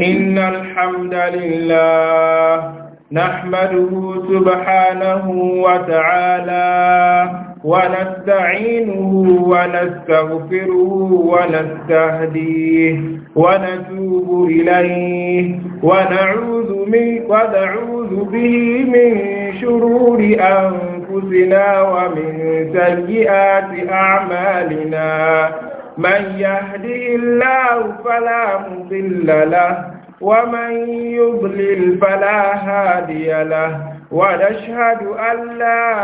إن الحمد لله نحمده سبحانه وتعالى ونستعينه ونستغفره ونستهديه ونتوب إليه ونعوذ, من ونعوذ به من شرور أنفسنا ومن سيئات أعمالنا من يهدي الله فلا مضل له ومن يضلل فلا هادي له ونشهد أن لا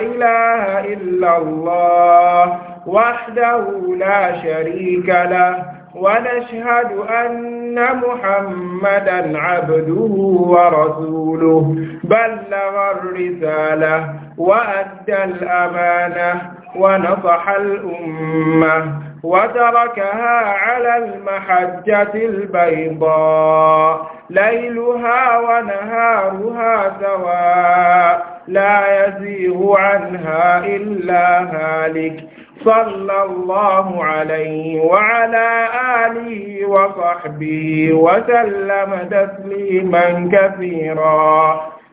إله إلا الله وحده لا شريك له ونشهد أن محمدا عبده ورسوله بلغ الرسالة وأدى الأمانة ونصح الأمة وتركها على المحجة البيضاء ليلها ونهارها سواء لا يزيغ عنها إلا هالك صلى الله عليه وعلى آله وصحبه وسلم تسليما كثيرا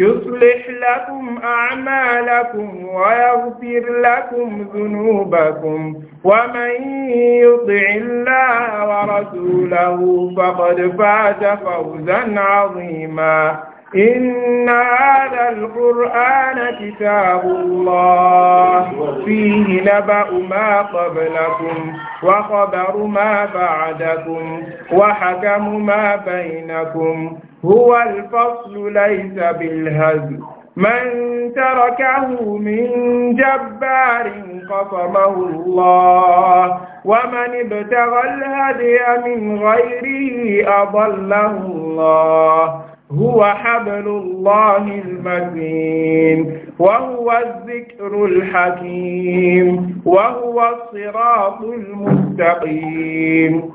يصلح لكم أعمالكم ويغفر لكم ذنوبكم ومن يطع الله ورسوله فقد فات فوزا عظيما إن هذا القرآن كتاب الله فيه نبأ ما قبلكم وخبر ما بعدكم وحكم ما بينكم هو الفصل ليس بالهزل من تركه من جبار قصمه الله ومن ابتغى الهدي من غيره أضله الله هو حبل الله المتين وهو الذكر الحكيم وهو الصراط المستقيم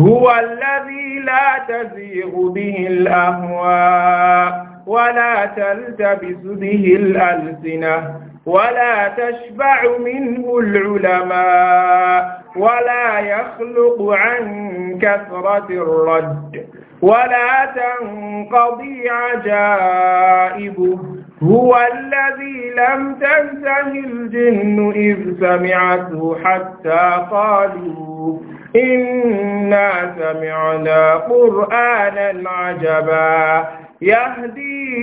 هو الذي لا تزيغ به الأهواء ولا تلتبس به الألسنة ولا تشبع منه العلماء ولا يخلق عن كثرة الرد ولا تنقضي عجائبه هو الذي لم تنته الجن إذ سمعته حتى قالوا إنا سمعنا قرآنا عجبا يهدي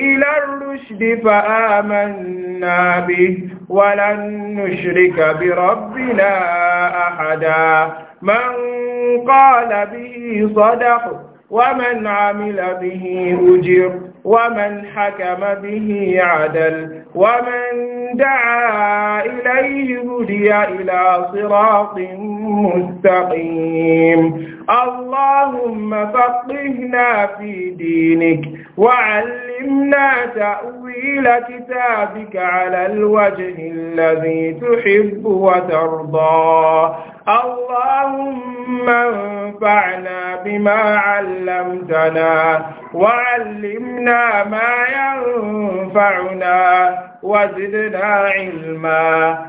إلى الرشد فآمنا به ولن نشرك بربنا أحدا من قال به صدق ومن عمل به أجر ومن حكم به عدل ومن دعا إليه هدي إلى صراط مستقيم اللهم فقهنا في دينك وعلمنا تأويل كتابك على الوجه الذي تحب وترضى اللهم انفعنا بما علمتنا وعلمنا ما ينفعنا وزدنا علما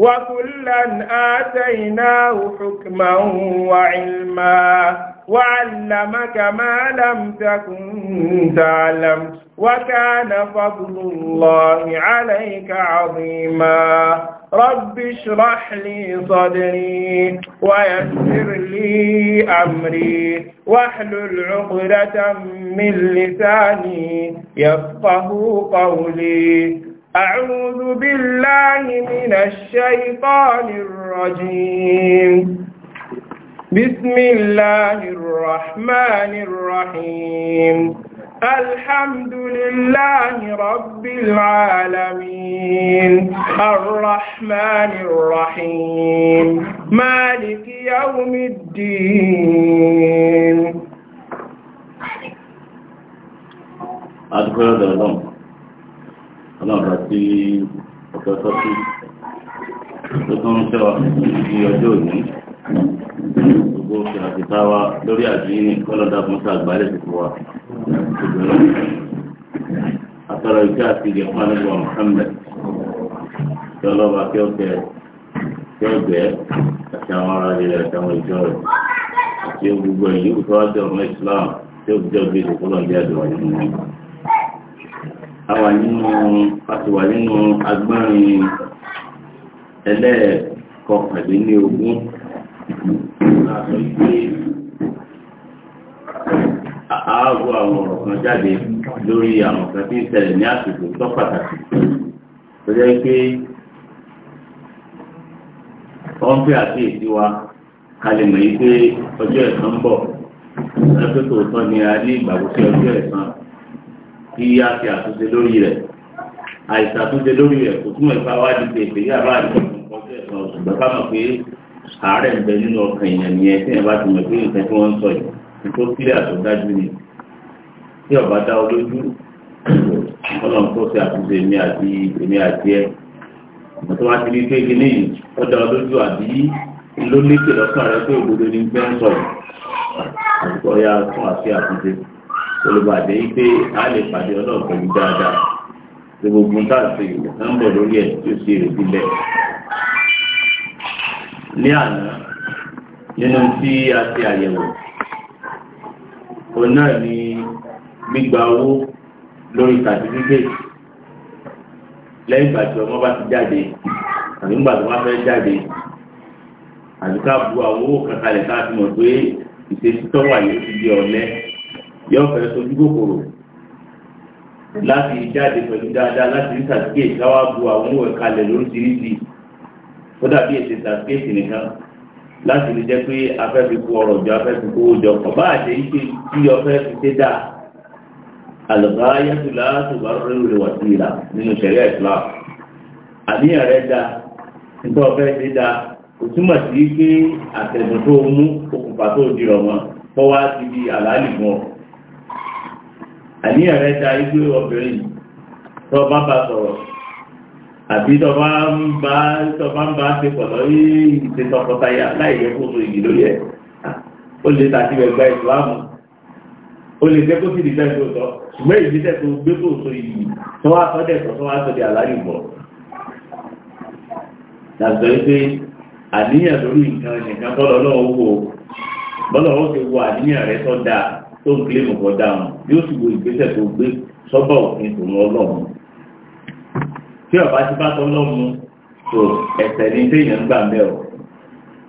وكلا آتيناه حكما وعلما وعلمك ما لم تكن تعلم وكان فضل الله عليك عظيما رب اشرح لي صدري ويسر لي أمري واحلل عقدة من لساني يفقه قولي أعوذ بالله من الشيطان الرجيم بسم الله الرحمن الرحيم الحمد لله رب العالمين الرحمن الرحيم مالك يوم الدين هذا ọlọ́ọ̀bá tí ọ̀pẹ́ sọ́sí tó tún ń tẹ́wà ní ọjọ́ òní gbogbo ìràkìtà wa lórí àdínní kọ́lọ́dà fún sàgbálẹ̀ tuntun wa ìgbẹ́lọ́ àtọ́rọ̀ ìjẹ́ àti ìjẹ̀fún àdúgbò Muhammad tí ọlọ́ba kí ó tẹ̀ tí ó gbẹ́ àti àwọn ará rẹ̀ àti àwọn ìjọ rẹ̀ àti gbogbo ẹ̀yìn kò ọmọ Islam tí ó jẹ́ òbí ìdókòlò ń bí àwà nínú àtiwà nínú agbọ́nrin ẹlẹ́ẹ̀kọkànlé ní ogún láàbọ̀ ìgbé àárò àwọn ọ̀rọ̀ kan jáde lórí àwọn kan tí ń ṣẹlẹ̀ ní àsìkò tó pàtàkì tó jẹ́ pé wọ́n ń pè àkíyèsí wa kalẹ̀ mọ̀ yí pé ọjọ́ ẹ̀san ń bọ̀ lọ́sọ̀tò òótọ́ ni a ní ìgbàgbọ́ ọjọ́ ẹ̀san kí á fi àtúnṣe lórí rẹ̀ àìsàtúnṣe lórí rẹ̀ kò túmọ̀ ìfá wá di pé ìpèyà bá àdìgbò kọjá ẹ̀sán ọ̀sùn bàbá mọ̀ pé àárẹ̀ ń bẹ nínú ọkàn èèyàn nìyẹn tí ẹ̀ bá ti mọ̀ pé nǹkan tí wọ́n ń sọ yìí tó kílẹ̀ àtọ́dájú ni tí ọba dá ọ lójú ọlọ́run tó ṣe àtúnṣe èmi àti èmi àti ẹ mo tó wá ti rí pé kíní yìí ó dá ọ lójú àbí ló lékè lọ́kàn rẹ pé òdodo ni gbẹ́ ń sọ̀rọ̀ àtúkọ̀ ya àtúnṣe olùbàdé yìí pé a lè pàdé ọlọ́run pẹ̀lú dáadáa tí gbogbo ń tàṣe nọ́mbọ̀ lórí ẹ̀ tí ó ṣe èrèdí lẹ̀. ní àná nínú tí a ṣe àyẹ̀wò òun náà ni gbígba owó lórí sàtífíkẹ́tì lẹ́yìn ìgbà tí ọmọ bá ti jáde àbí ńgbà tó bá fẹ́ jáde àbí ká bu àwọn owó kankan lẹ̀ mọ̀ pé ìṣesí tó wà yìí ti di ọ̀lẹ́ yóò fẹ́ sojú kòkòrò láti jáde pẹ̀lú dáadáa láti rí sàtíkèétì káwá bu àwọn òwe kalẹ̀ lóríṣiríṣi ó dàbí èsì sàtíkèétì nìkan láti rí jẹ́ pé afẹ́ fi kó ọrọ̀ jọ afẹ́ fi kó owó jọ ọba àjẹ́ ike tí ọfẹ́ fi ṣe dáa àlùbá yàtúlá tó bá rẹ̀ rẹ̀ wà sí ìlà nínú ṣẹ̀ríà Islam àníyàn rẹ̀ dáa nítorí ọfẹ́ ṣe dáa òtúmọ̀ sí pé àtẹ̀dùn tó mú okùnfà tó dirọ̀ mọ́ fọwọ́ á ti di àlàálì fún ọ àníyàn rẹ̀ da igbó obìnrin tó bá bá sọ̀rọ̀ àbí tó bá ń bá tó bá ń bá ṣe pọ̀ lórí ìṣe tọkọtaya láì yẹ kó so ìyì lórí ẹ̀ ó lè ta síbẹ̀ gba ìsìlámù ó lè jẹ́ kó sì lè fẹ́ tó ṣùgbọ́n ìgbésẹ̀ tó gbé tó so ìyì tó wá sọ́dẹ̀ tó tó wá sọ́dẹ̀ àlárí bọ̀ dàgbà pé àníyàn lórí nǹkan nìkan tọ́lọ́ náà wò bọ́lọ̀ ó ti wo àníyàn rẹ̀ tó dáa tó ń kílé mọ̀kọ́ dáhùn yóò sì wo ìgbésẹ̀ tó gbé sọ́bà òfin tòun ọlọ́run tí ọba ti bá tọ́ lọ́run tó ẹ̀sẹ̀ ní téèyàn ń gbà mẹ́ ọ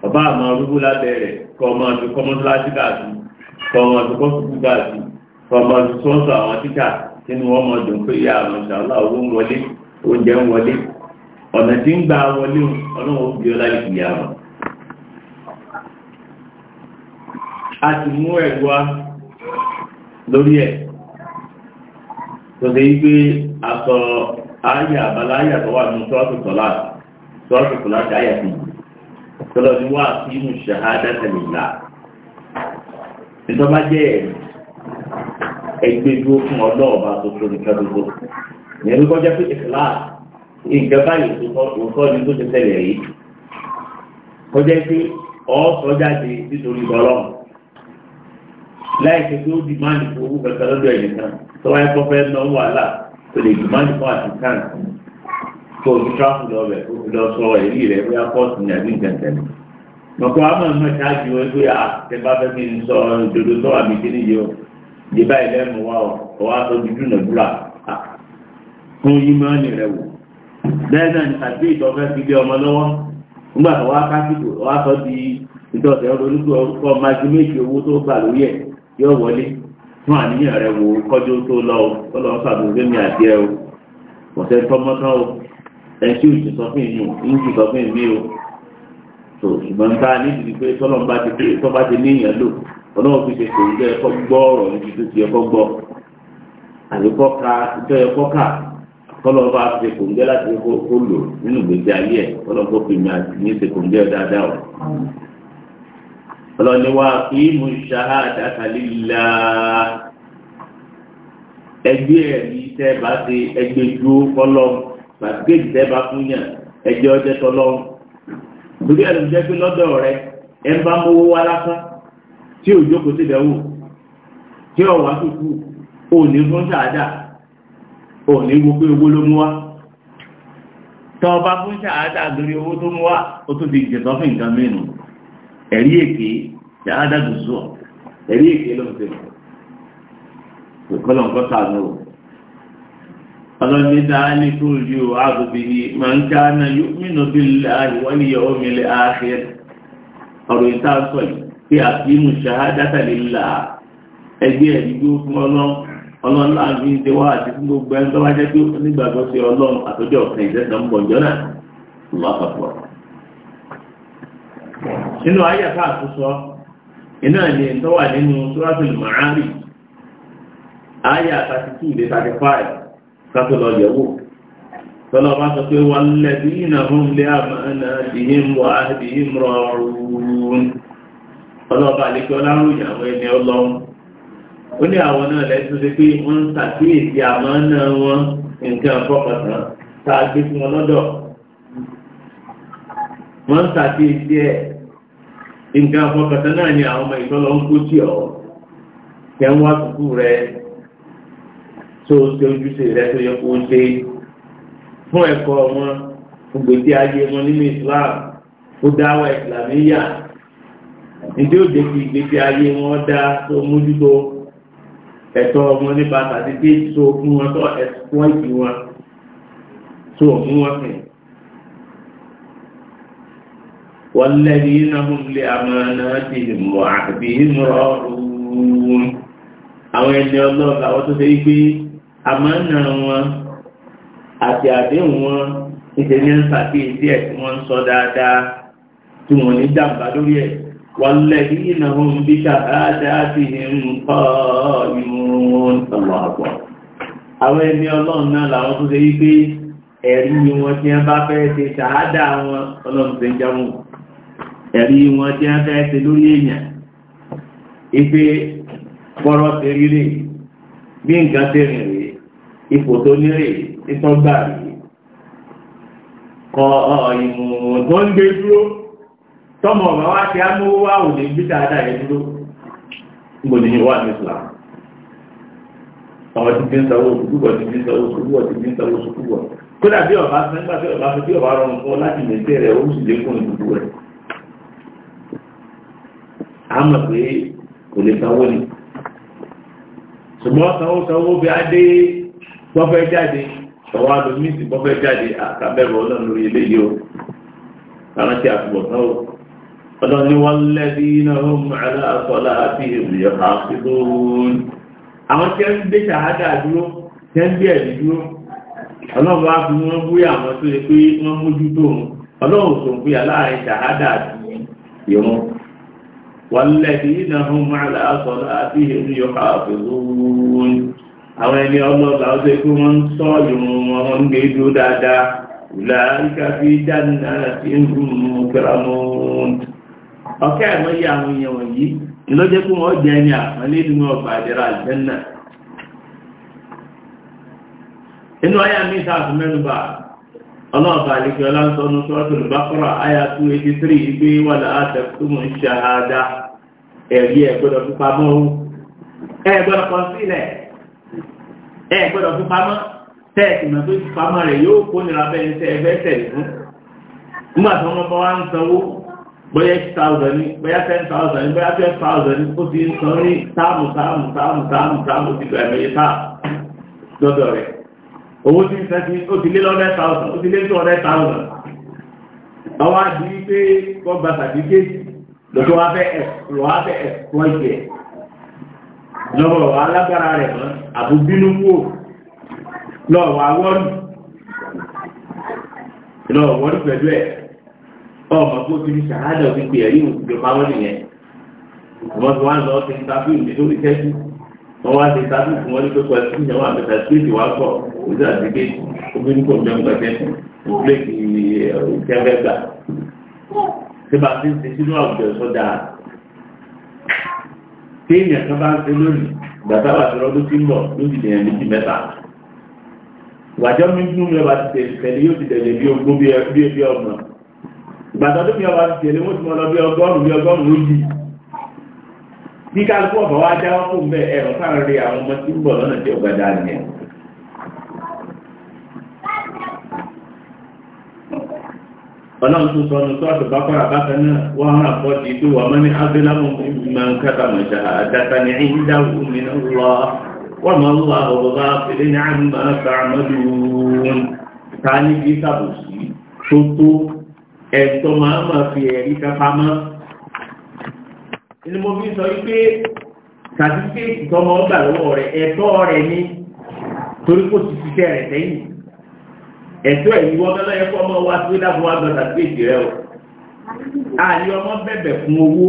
ọba àmọ́ arúgbó lábẹ́ rẹ̀ kọ́ ọmọ ọdún kọ́mọ́dúnlájú gáàsì kọ́ ọmọ ọdún kọ́sùkú gáàsì kọ́ ọmọ ọdún sọ́ńsọ àwọn tíkà nínú ọmọ ọdún pé yá àwọn ìṣàlá owó ń wọlé oúnjẹ ń wọlé ọ̀nà tí ń gba wọlé ọlọ́run ó bí ọlá ìyá wọn. a ti mú ẹ̀gbọ́n lórí ẹ̀ tó ṣe yí pé aṣọ ayé àbálá ayé àtọwà ní ṣọ́ọ̀tù tọ́lá ṣọ́ọ̀tù tọ́lá ti ayé àti yìí tọ́lọ́ ni wọ́n àti inú ṣàhádá tẹ̀lé ńlá nítorí jẹ́ ẹgbẹ́ dúró fún ọlọ́ọ̀bá tó tó nìkan gbogbo ìyẹn ló kọjá pé ìkìlá nǹkan báyìí òótọ́ ni tó ti tẹ̀lé yìí kọjá pé ọ̀ọ́ sọ jáde nítorí ọlọ́run láì ṣe pé ó di máàlì fún owó kankan lọ́dọ̀ ẹ̀yìn kan tó wáyé kọ́ fẹ́ náà wàhálà tó lè di máàlì fún àti kan kó fi tráfù lọ bẹ̀ kó o lọ sọ èrí rẹ̀ bóyá kóòtù ní àbí ìjẹ̀ǹtẹ̀ ni. mọ̀kọ́ àmọ́ ẹ̀mọ́ ṣáájú wọn pé à ṣe bá fẹ́ sọ o báyìí lẹ́nu wa o kò wá dúdú nàdúrà fún yóò wọlé fún àníyàn rẹ wò kọjú tó lọ o kọlọ sàbò fẹmi àti ẹ o ọsẹ tọmọtọ o ẹtí òjì sọ fún ìyún ìyún sọ fún ìmí o tó ṣùgbọ́n ta nídìí pé tọ́lọ́mbà ti pé tọ́ba ti níyàn lò ọlọ́wọ́ fi ṣe kò ń jẹ́ ẹ̀kọ́ gbọ́ ọ̀rọ̀ níbi tó ti ẹ̀kọ́ gbọ́ àlékọ́ ka ìjọ ẹ̀kọ́ kà kọ́lọ́ bá ṣe kò ń jẹ́ láti kó lò nínú ìgbésí ayé ẹ̀ kọ́lọ́ bó fi mi àti ní ṣe kò ń jẹ́ dáadáa o ọlọ́ni wa ìmú ṣahada kàlílà ẹgbẹ́ ẹ̀rí tẹ́ bá ti ẹgbẹ́ ju kọ́lọ́ gbàgbéjì tẹ́ bá fún yàn ẹgbẹ́ ọjọ́ tọ́lọ́ torí ẹ̀rù jẹ́ pé lọ́dọ̀ rẹ ẹ bá mówó wá lásán tí ò jókòó sí ìdánwò tí ọ̀wá tutù ò ní fún ṣáàdà ò ní wo pé owó ló mú wá tọ́ ọba fún ṣáàdà lórí owó tó mú wá ó tún ti jẹ̀tọ́ fún nǹkan mìíràn ẹ̀rí èké dáadáa gùsù ọ̀ ẹ̀rí èké ló ń tẹ̀ kò kọ́lọ̀ nǹkan sàánú o. ọlọ́ni dáálí tó rí o àgùnbìnrin máa ń ká náà yóò mìíràn bí láàyè wọ́n ní ìyàwó mi lè áàfẹ́ ọ̀rọ̀ ìta sọ yìí pé ẹgbẹ́ fún àti fún gbogbo tó ọlọ́run àtọ́jọ́ ọ̀sẹ̀ ń bọ̀ jọ́nà nínú ayàfà àtúnṣọ́ iná ni tó wà nínú suratul Ma'arij ayà 32-35 kátó yẹ̀wò tọ́lọ́ bá sọ pé walladhina hum li amanatihim wa ahdihim ra'un ọlọ́ọ̀bá àlejò ọláròyìn àwọn ẹni ọlọ́run ó ní àwọn wọ́n ń wọn ẹ̀ nǹkan afọkàtà náà ni àwọn ọmọ ìtọ́lọ ń kó tí ọ̀ kẹ ń wá sùkú rẹ tó ṣe ojúṣe rẹ tó yẹ kó ṣe fún ẹ̀kọ́ wọn ògbèsè ayé wọn nínú Islam ó dáwà ìsìlámíyà ìdí òde kí ìgbésí ayé wọn dá tó mójútó ẹ̀tọ́ wọn nípa tàbí tí tó fún wọn tó ẹ̀sùn wọn ìsìn wọn tó fún wọn sìn والذين هم لأماناتهم وعهدهم راعون àwọn ẹni ọlọ́ọ̀gá wọ́n tó fẹ́ pé àmánà wọn àti àdéhùn wọn ìṣẹ́ ní ń sàkíyèsí ẹ̀ sọ والذين هم بشهاداتهم قائمون الله أكبر bá fẹ́ ṣe wọn ẹ̀rí wọn tí a fẹ́ ṣe lórí èèyàn ipe pọ́rọ́ ṣe rírè bí nǹkan ṣe rìn rè ipò tó nírè títọ́gbà rè kọ ìmùmù tó ń gbé dúró tọ́mọ̀ ọ̀gá wá ti amówó wá ò ní bí dáadáa yẹn dúró gbò ní wà ní Islam ọmọ ti fi ń sanwó òkúgbọ̀ ti fi ń sanwó òkúgbọ̀ ti fi ń sanwó òkúgbọ̀ kódà bí ọba fẹ́ nígbà ọba fẹ́ bí ọba rọrùn fún ọ láti lè tẹ̀rẹ̀ ó sì lékún ìdúgbò rẹ̀ àmọ̀ pé kò lè sanwó ni ṣùgbọ́n sanwó sanwó bí adé bọ́fẹ́ jáde sọ̀wọ́ alomíìsì bọ́fẹ́ jáde àkàbẹ̀rù ọlọ́run lórí eléyìí o àwọn tí a fi bọ̀ sanwó ọlọ́run ni wọ́n lẹ́bí iná hum ala salatihim yuhafizun àwọn tí wọ́n gbé ṣàhádà dúró tí wọ́n gbé ẹ̀mí dúró ọlọ́run wá fi wọ́n búyà àwọn tó yẹ pé wọ́n mójútó wọn ọlọ́run sọ pé aláàrin ṣàhádà àti ìrún والذين هم على صلاتهم يحافظون àwọn ẹni ọlọ́lá ó ṣe kí wọ́n ń sọ ìrùn wọn wọ́n ń gbé dúró dáadáa ìlàríkà fi dáná sí ìrùn kẹràmọ́n ọ̀kẹ́ àmọ́yé àwọn èèyàn wọ̀nyí ìlọ́jẹ́ kí wọ́n jẹ́ ẹni àpọ́nlé nínú ọgbà àjẹrà àjẹ́nà inú ayé ọlá ń sọ ní sọ́ọ́tù Baqara àyà 283 ìgbé wàlá àtẹ̀kùtùmù ẹ̀rí ẹ̀gbọ́dọ̀ fún pamọ́ o ẹ̀gbọ́dọ̀ kan sílẹ̀ ẹ̀gbọ́dọ̀ fún pamọ́ tẹ́ẹ̀sì mọ̀ tó ti pamọ́ rẹ̀ yóò kó nira bẹ́ẹ̀ tẹ́ ẹ fẹ́ tẹ̀lé fún nígbà tí wọ́n bá wá ń sanwó bóyá eight thousand ní bóyá ten thousand ní bóyá twelve thousand ní ó ti ń san ní táàmù táàmù táàmù táàmù táàmù ti gbẹ̀mí yìí táà lọ́dọ̀ rẹ̀ owó ti ń sẹ́sí ó ti lé lọ́dẹ̀ thousand ó ti lé two hundred thousand ọwọ́ àdìrí pé kọ́ gba sàdíkéètì lọ́dọ̀ wá fẹ́ ẹ̀kọ́ ìgbẹ̀ lọ́wọ́ alágbára rẹ̀ mọ́ àbúbínú wò lọ́wọ́ awọ́rù lọ́wọ́ wọ́rù pẹ̀lú ẹ̀ ọmọ kó ti ní ṣàhádà gbígbé ẹ̀rí ìgbẹ̀páwọ́ nìyẹn wọ́n ti wá lọ ti ń tafí ìdí tó ìtẹ́jú wọ́n wá ti tafí fún wọn ní pẹ́pẹ́ sí ìyàwó àmẹ́ta sípèsì wá pọ̀ òjò àti pé obìnrin kò jẹun pẹ̀tẹ́ ìpínlẹ̀ ìkẹ́fẹ́ gbà tí bá ti ń ṣe sínú àwùjọ sọ́dà tí èèyàn kan bá ń ṣe lónìí gbàtà wà lọ́wọ́ ló ti ń bọ̀ ló ti dèèyàn méjì mẹ́ta wàjọ́ mi nínú mi ọba ti tẹ̀lé tẹ̀lé yóò ti tẹ̀lé bí ogún bí ẹbí ọgbọ̀n gbàtà tó mi ọba ti tẹ̀lé wọ́n ti mọ lọ bí ọgọ́rùn-ún bí ọgọ́rùn-ún lójì bí kálukú ọ̀bọ̀ wá jáwọ́ fún bẹ́ẹ̀ ẹ̀rọ sáà àwọn ọmọ tí ń bọ̀ lọ́nà tí ọ̀gbàdá nìyẹn ọlọ́run tún sọ ní sọ́ọ̀tù bákọ́rà bákan náà wọ́n hàn àpọ̀ ti pé wà mọ́ ní abdullahi máa ń kábà mọ̀ ṣe àdáta ní ìdá omi náà lọ wọ́n mọ̀ lọ́wọ́ àbọ̀bọ̀ bá fìdí ní àmì sàmọ́dún ní ẹ̀tọ́ ẹ̀yí wọ́n tọ́lọ́ ẹ̀kọ́ ọmọ wa tó dábò wá gbọ́dà sí èdè rẹ o ààyè ọmọ bẹ̀bẹ̀ fún owó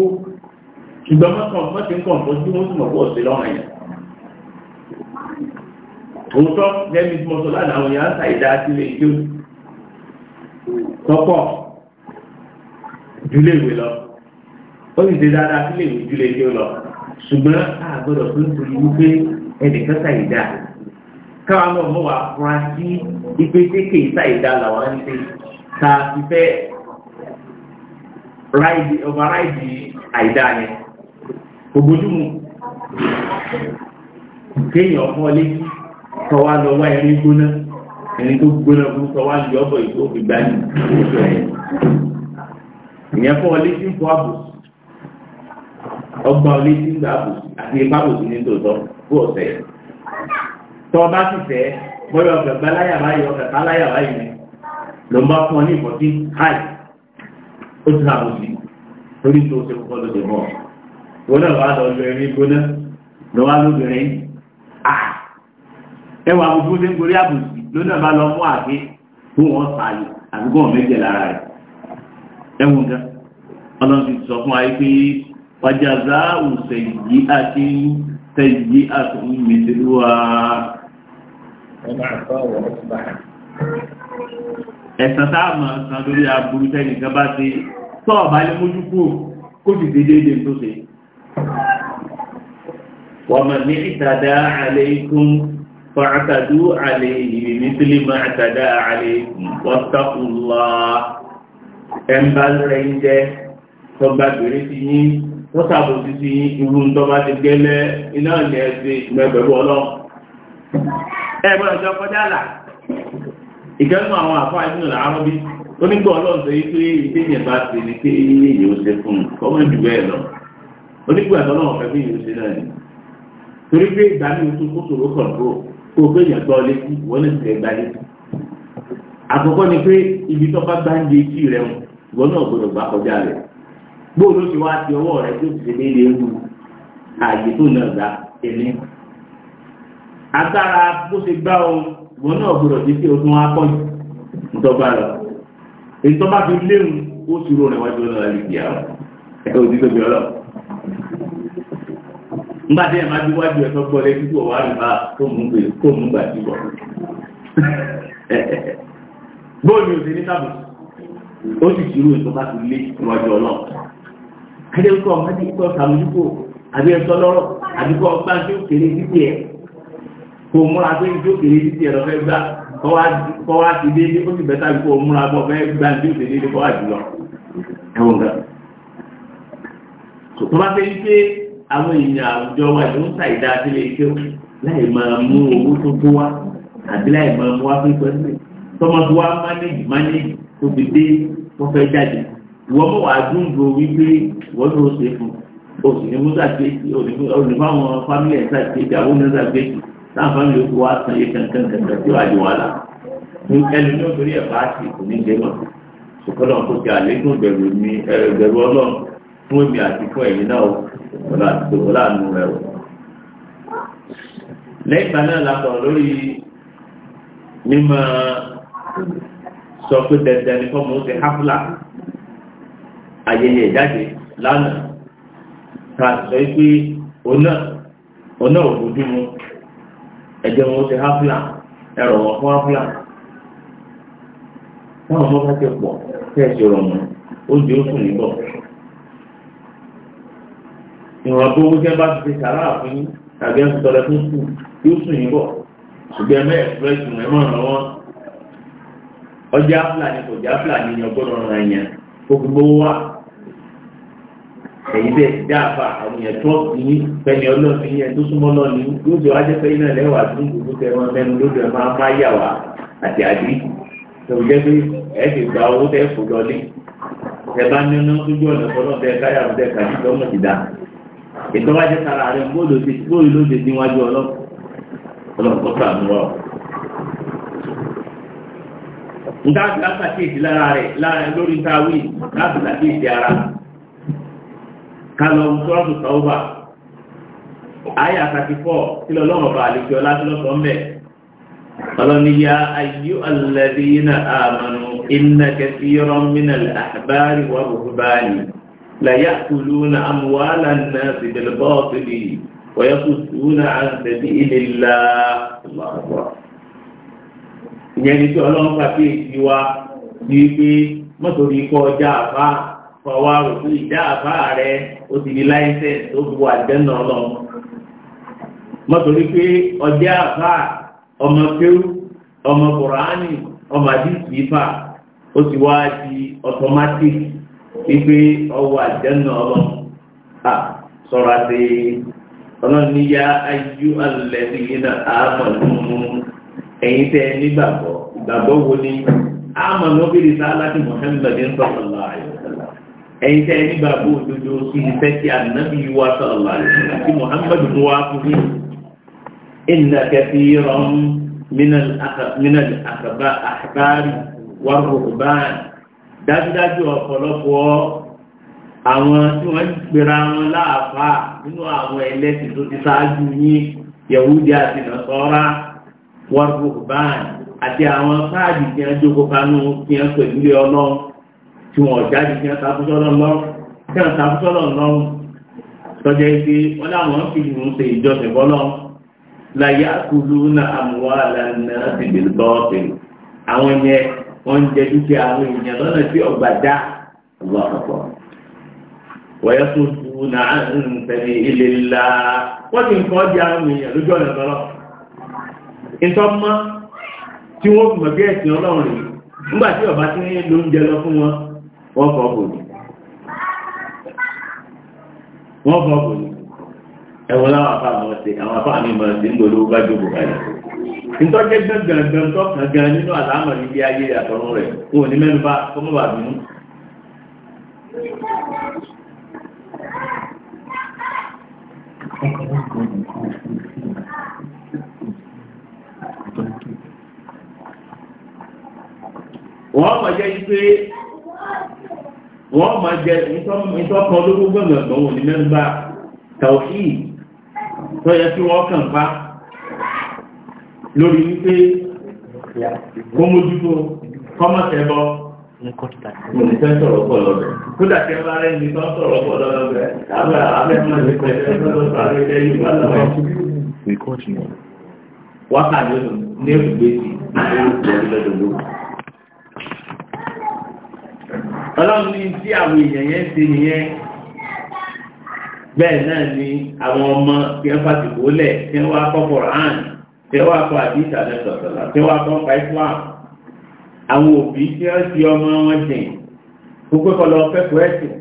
ṣùgbọ́n mọ́kàn wọ́n ti ń kàn fún tí wọ́n sì mọ̀ pọ̀ sí yẹn òótọ́ lẹ́mí tí mo sọ lánàá àwọn èèyàn àṣà ìdá sílé ijó tọ́pọ̀ jùlé ìwé lọ ó sì ṣe dáadáa sílé ìwé jùlé ijó lọ ṣùgbọ́n àgbọ̀dọ̀ tó ń torí wípé ẹnìkan ṣàìdá káwa náà mọ̀ fura sí ìdá làwọn ń ta ti fẹ́ àìdá yẹn ògbójúmu kéèyàn ọmọ létí tọwá lọ ẹni gbóná ẹni tó gbóná fún tọwá lè ọbọ ìgbó ìgbà ní oṣù ẹ ìyẹn fún ọ létí ń ọgbà ọ tọ́ bá sì fẹ́ bọ́yọ̀ ọ̀gbẹ̀gbẹ́ láyàwá yìí ọ̀gbẹ̀ká láyàwá yìí ni ló ń bá fún ọ ní ìbọ̀dí káì ó ti hàbò sí torí tó ṣe kọ́kọ́ ló ṣe mọ́ wọn náà wà lọ lọ ẹni gbóná lọ wá lóbìnrin à ẹwà gbogbo ṣe ń gorí àbùsí ló náà bá lọ mú àgbé fún wọn sààyè àdúgbò méje lára rẹ ẹwùn gan ọlọ́run ti sọ fún ayé pé wàjà záà ò sẹ̀yí àti sẹ̀yí àtúnmí mẹ́tẹ́lúwàá ọmọ àfọ́ ọ̀wọ́ ọ̀túnbà. ẹ̀sán tá a mọ̀ san lórí aburú tẹ́nì kan bá ṣe tọ́ ọ̀bá lé mójú kúrò kó sì ṣe déédéé tó ṣe. wọ́n mọ̀ ní ìtàdá àlẹ́ ikún fàtàdú àlẹ́ ìrìn nítorí mọ́ àtàdá àlẹ́ wọ́tàkùnlá ẹ̀mbá rẹ̀ ẹgbọ́n ọjọọ kọjá là ìkẹ́nu àwọn àfọ́ àìsàn là áwọn bí onígbà ọlọ́run tó yí pé ìdíyẹn bá ti ní pé ilé yìí ó ṣe fún un bẹ́ẹ̀ lọ onígbà fẹ́ bí yìí ó ṣe náà ni torí pé ìgbà kó sòrò pé èèyàn gbọ́ létí lè tẹ̀ létí àkọ́kọ́ ibi tó bá gbá ń di etí mu ìwọ kọjá ti wá ti ọwọ́ tó ti ṣe déédéé agbára bó ṣe gbá ohun ìwọ̀n náà gbọ́dọ̀ jẹ́ kí o tún wá pọ̀ ìtọ́gbà lọ ìtọ́gbà fi léhùn ó sì rò rẹ̀wájú ọlọ́run àlè kìí àwọn ẹ̀ka òjì tóbi ọlọ́ nígbà tí ẹ̀ máa bí wájú ẹ̀tọ́ gbọ́ lẹ́yìn tí ọ̀wá rẹ̀ bá kó mú gbà sí bọ̀ bóòlù òsè ní sábà ó sì ṣírò ìtọ́gbà fi lé ìwájú ọlọ́run kẹ́lẹ́ kọ́ ọmọdé kọ́ sàmójúkò àbí ẹ̀tọ́ lọ́rọ̀ àbí kọ́ ọgbà tí ó kéré títí ẹ̀ kò múra pé ní tó kéré títí ẹ̀rọ fẹ́ gbá kọ́ wá ti dé ó sì bẹ́tà kó múra bọ́ fẹ́ gbá ní tó kéré kọ́ wá jùlọ ẹ̀wọ̀n gan. tó bá fẹ́ pé àwọn èèyàn àwùjọ wa ló ń ta ìdá sílé iṣẹ́ láì máa mú owó tó tó wá àbí láì máa mú wá pípẹ́ sílẹ̀ tọmọ tó wá mánéjì mánéjì tó fi dé wọ́n fẹ́ jáde ìwọ́n mọ̀ wá dúndùn wípé ìwọ́n tó ṣe fún òsì ní mú táwọn yòókù wá san yé kankan kankan tí wàá di wàhálà ní ẹni ní òtórí ẹ̀fọ́ àti kò ní jẹ́ mọ̀ ṣùkọ́lọ́ tó ti àlékún bẹ̀rù mi bẹ̀rù ọlọ́run fún èmi àti fún ẹ̀yin náà ọ̀la àti ọ̀la àánú rẹ̀ o. lẹ́yìn ìgbà náà la sọ̀rọ̀ lórí mímọ sọ pé dandan ní fọ́ọ̀mù ó ti ayẹyẹ ìjáde lánàá ta sọ pé ọ̀nà ọ̀nà òbójúmu ẹjẹ wọn ti hafla ẹrọ wọn fún hafla táwọn ọmọ bá ti pọ̀ tẹsí rọmọ ó di oṣù níbọ ìwọn tó wúṣẹ bá ti ti sàrà àfin tàbí ẹsùn tọrẹ fún sùn yóò sùn níbọ ṣùgbọ́n ẹmẹ ẹsùrẹsì rẹ mọ ọ̀rọ̀ wọn ọjà hafla ni kò jẹ hafla ni ọgbọdọ ọ̀ràn yẹn kó gbogbo wà. èyí bẹ́ẹ̀ ti àwọn èèyàn ní pẹ̀lú ọlọ́ọ̀ni yẹn tó súnmọ́ lọ́ọ̀ni lójú ajẹ́ pé iná lẹ́wà tún gbogbo tẹ mẹ́nu lójú ẹ máa má yà wá àti àdí tó jẹ́ pé ẹ ti gba owó tẹ́ fò bá lójú ọ̀nà fọlọ́ káyà kàdí lọ́mọ ti dà tara bóòlù lóde níwájú kálọ̀ sọ́ọ̀tù tọ́wọ́bà àyà 34 kí lọ́lọ́wọ́ bá àlejò ọlásọ́lọ́sọ́ mẹ́ ọlọ́niyà ayú alladhina amanu inna kathiran minal ahbari wa ruhbani la ya'kuluna amwala an-nasi bil batili wa yasudduna an sabilillah Allahu akbar ìyẹn ni fọwọ́ rògbò ìdá àbá rẹ ó ti di láìsẹ̀ tó fi wà jẹ́nà lọ. mọ́tòrí pé ọjẹ́ àbá ọmọ kéwú ọmọ kùránì ọmọ àdìsí fà ó ti wá di automatic wípé ọwọ́ àjẹ́nà lọ. sọ̀rọ̀ àti ọlọ́niyá ayú alẹ́bí náà àmọ̀ nínú ẹ̀yin tẹ́ nígbàgbọ́ ìgbàgbọ́ wo ni àmọ̀ ló bí risálátì Muhammadin sallallahu alaihi ẹ̀yin tẹ́ ẹni bàbá òdodo sí ìfẹ́ tí ànábì wa sọ̀rọ̀ àti muhammadu tó wá fún mi inna kathiran minal àkàbà àkàbárì wà rògbàn dájúdájú ọ̀pọ̀lọpọ̀ àwọn tí wọ́n gbéra wọn láàfà nínú àwọn ẹlẹ́sìn tó ti ṣáájú yín yahudi àti nasara wà rògbàn àti àwọn káàdì tí wọ́n jókòó kanú tí wọ́n pẹ̀lú ọlọ́run tí wọ́n jáde kí wọ́n takúsọ́lọ́ lọ́rùn kí wọ́n takúsọ́lọ́ lọ́rùn tọ́jẹ́ pé wọ́n láwọn fi ìrùn ṣe ìjọsìn bọ́lọ́ láyé àkúlù náà àmúwá lànà ti bèrè bọ́ọ̀tì àwọn yẹn wọ́n ń jẹ dúkìá àwọn èèyàn lọ́nà tí ọgbà dá ọlọ́pàá wọ́yẹ́ tó dùn náà ń tẹ̀lé ilé ńlá wọ́n ti nǹkan di àwọn èèyàn lójú ọ̀nà lọ́rọ̀ ìtọ́mọ́ tí wọ́n fi mọ̀ bí ẹ̀sìn ọlọ́run rèé wọ́n fọ́ bò ní wọ́n fọ́ bò ní ẹ̀wọ̀n láwọn afá mọ̀ sí àwọn afá mi mọ̀ sí ń gbòòrò bá jókòó kalẹ̀ ntọ́jẹ́ gbẹ̀ngbẹ̀ngbẹ̀ng tó kàn gan nínú àlámọ̀ níbi ayé àtọ̀run rẹ̀ wọn ò mẹ́nu bá kọ́mọ́ bá bínú. wọ́n mọ̀ jẹ́ pé wọ́n máa jẹ ìtọ́kan ológun gbọ̀ngàn gbọ̀ngàn òní mẹ́mbà tàwí tó yẹ kí wọ́n kàn pa lórí wípé kó mójútó kọ́mọ̀tẹ́bọ nǹkan sọ̀rọ̀ pọ̀ lọ́bẹ̀ kódà tí wọ́n bá rẹ̀ ní tọ́ sọ̀rọ̀ pọ̀ lọ́bẹ̀ àbẹ̀ àbẹ̀ máa ọlọ́run ní tí àwọn èèyàn yẹn ti nìyẹn bẹ́ẹ̀ náà ni àwọn ọmọ tí wọ́n fàtìkó lẹ̀ tí wọ́n wá kọ́ Quran tí wọ́n wá kọ́ àdìsá lẹ́sọ̀tọ̀lá tí wọ́n wá kọ́ pa Islam àwọn òbí tí wọ́n ti ọmọ wọn jìn gbogbo kọlọ kẹ́kọ̀ọ́ ẹ̀sìn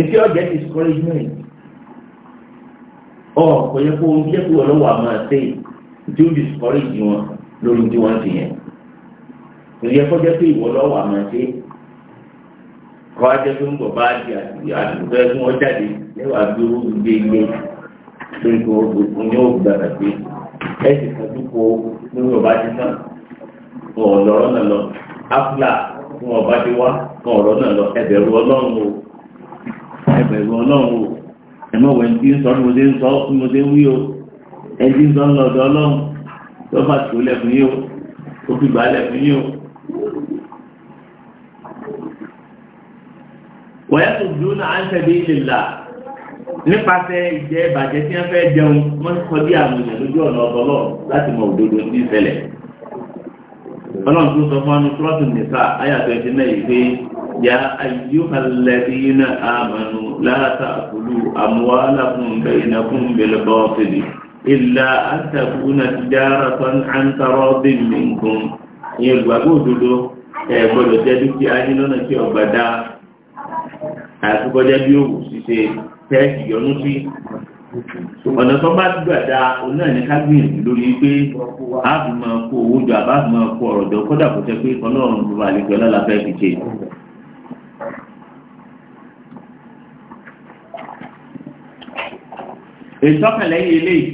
etí ọ̀jẹ̀ discouragement ọ̀ kò yẹ kó oúnjẹ kó ọlọ́wọ́ àmọ́ àti tí ó discourage wọn lórí tí wọ́n ti yẹn kò yẹ kó jẹ́ pé ìwọ lọ́wọ́ àmọ́ àti wọ́n á jẹ́ pé ń bọ̀ bá di àdúgbò ẹ̀ fún jáde lẹ́wàá bí owó gbé ilé pé kò ògùn ní ògùn dàgbà pé ẹ sì fojú ko ní wọn bá ti wọn ò lọ́rọ́ náà lọ áfúlà o ẹbẹ̀rù ọlọ́run o ẹ̀mọ́ wẹ̀ ti ń sọ mo o ẹ̀ ti ń sọ ọlọ́run tó o. wọ́yẹ́ tó dúró náà ń tẹ̀lé ìlà nípasẹ̀ ìjẹ́ ìbàjẹ́ tí wọ́n fẹ́ jẹun wọ́n kọ́ bí àwọn èèyàn lójú ọ̀nà ọ̀dọ́lọ́ láti mọ òdodo ní ìfẹ́lẹ̀ ọlọ́run tó sọ fún ọdún trọ́tù nìta ayàtọ̀ ẹ̀sìn náà yìí pé ya ayyuhalladhina amanu la ta'kulu amwalakum bainakum bil batil illa an takuna tijaratan an taradin minkum ìyẹn ìgbàgbọ́ òdodo ẹ̀ gbọ́dọ̀ jẹ́ dúkìá yín lọ́nà tí ọ̀gbà dáa àtúkọjá bí òwò ṣíṣe tẹ́ẹ̀kì yọnú sí ọ̀nà tó bá gbà dáa òun náà ní ká gbìyànjú lórí pé áàbù máa kó owó jọ àbá máa kó ọ̀rọ̀ jọ kódà kó jẹ́ pé ọlọ́run ló máa lè jọ lọ́la fẹ́ fi ṣe. ìtọ́kànlẹ́yìn eléyìí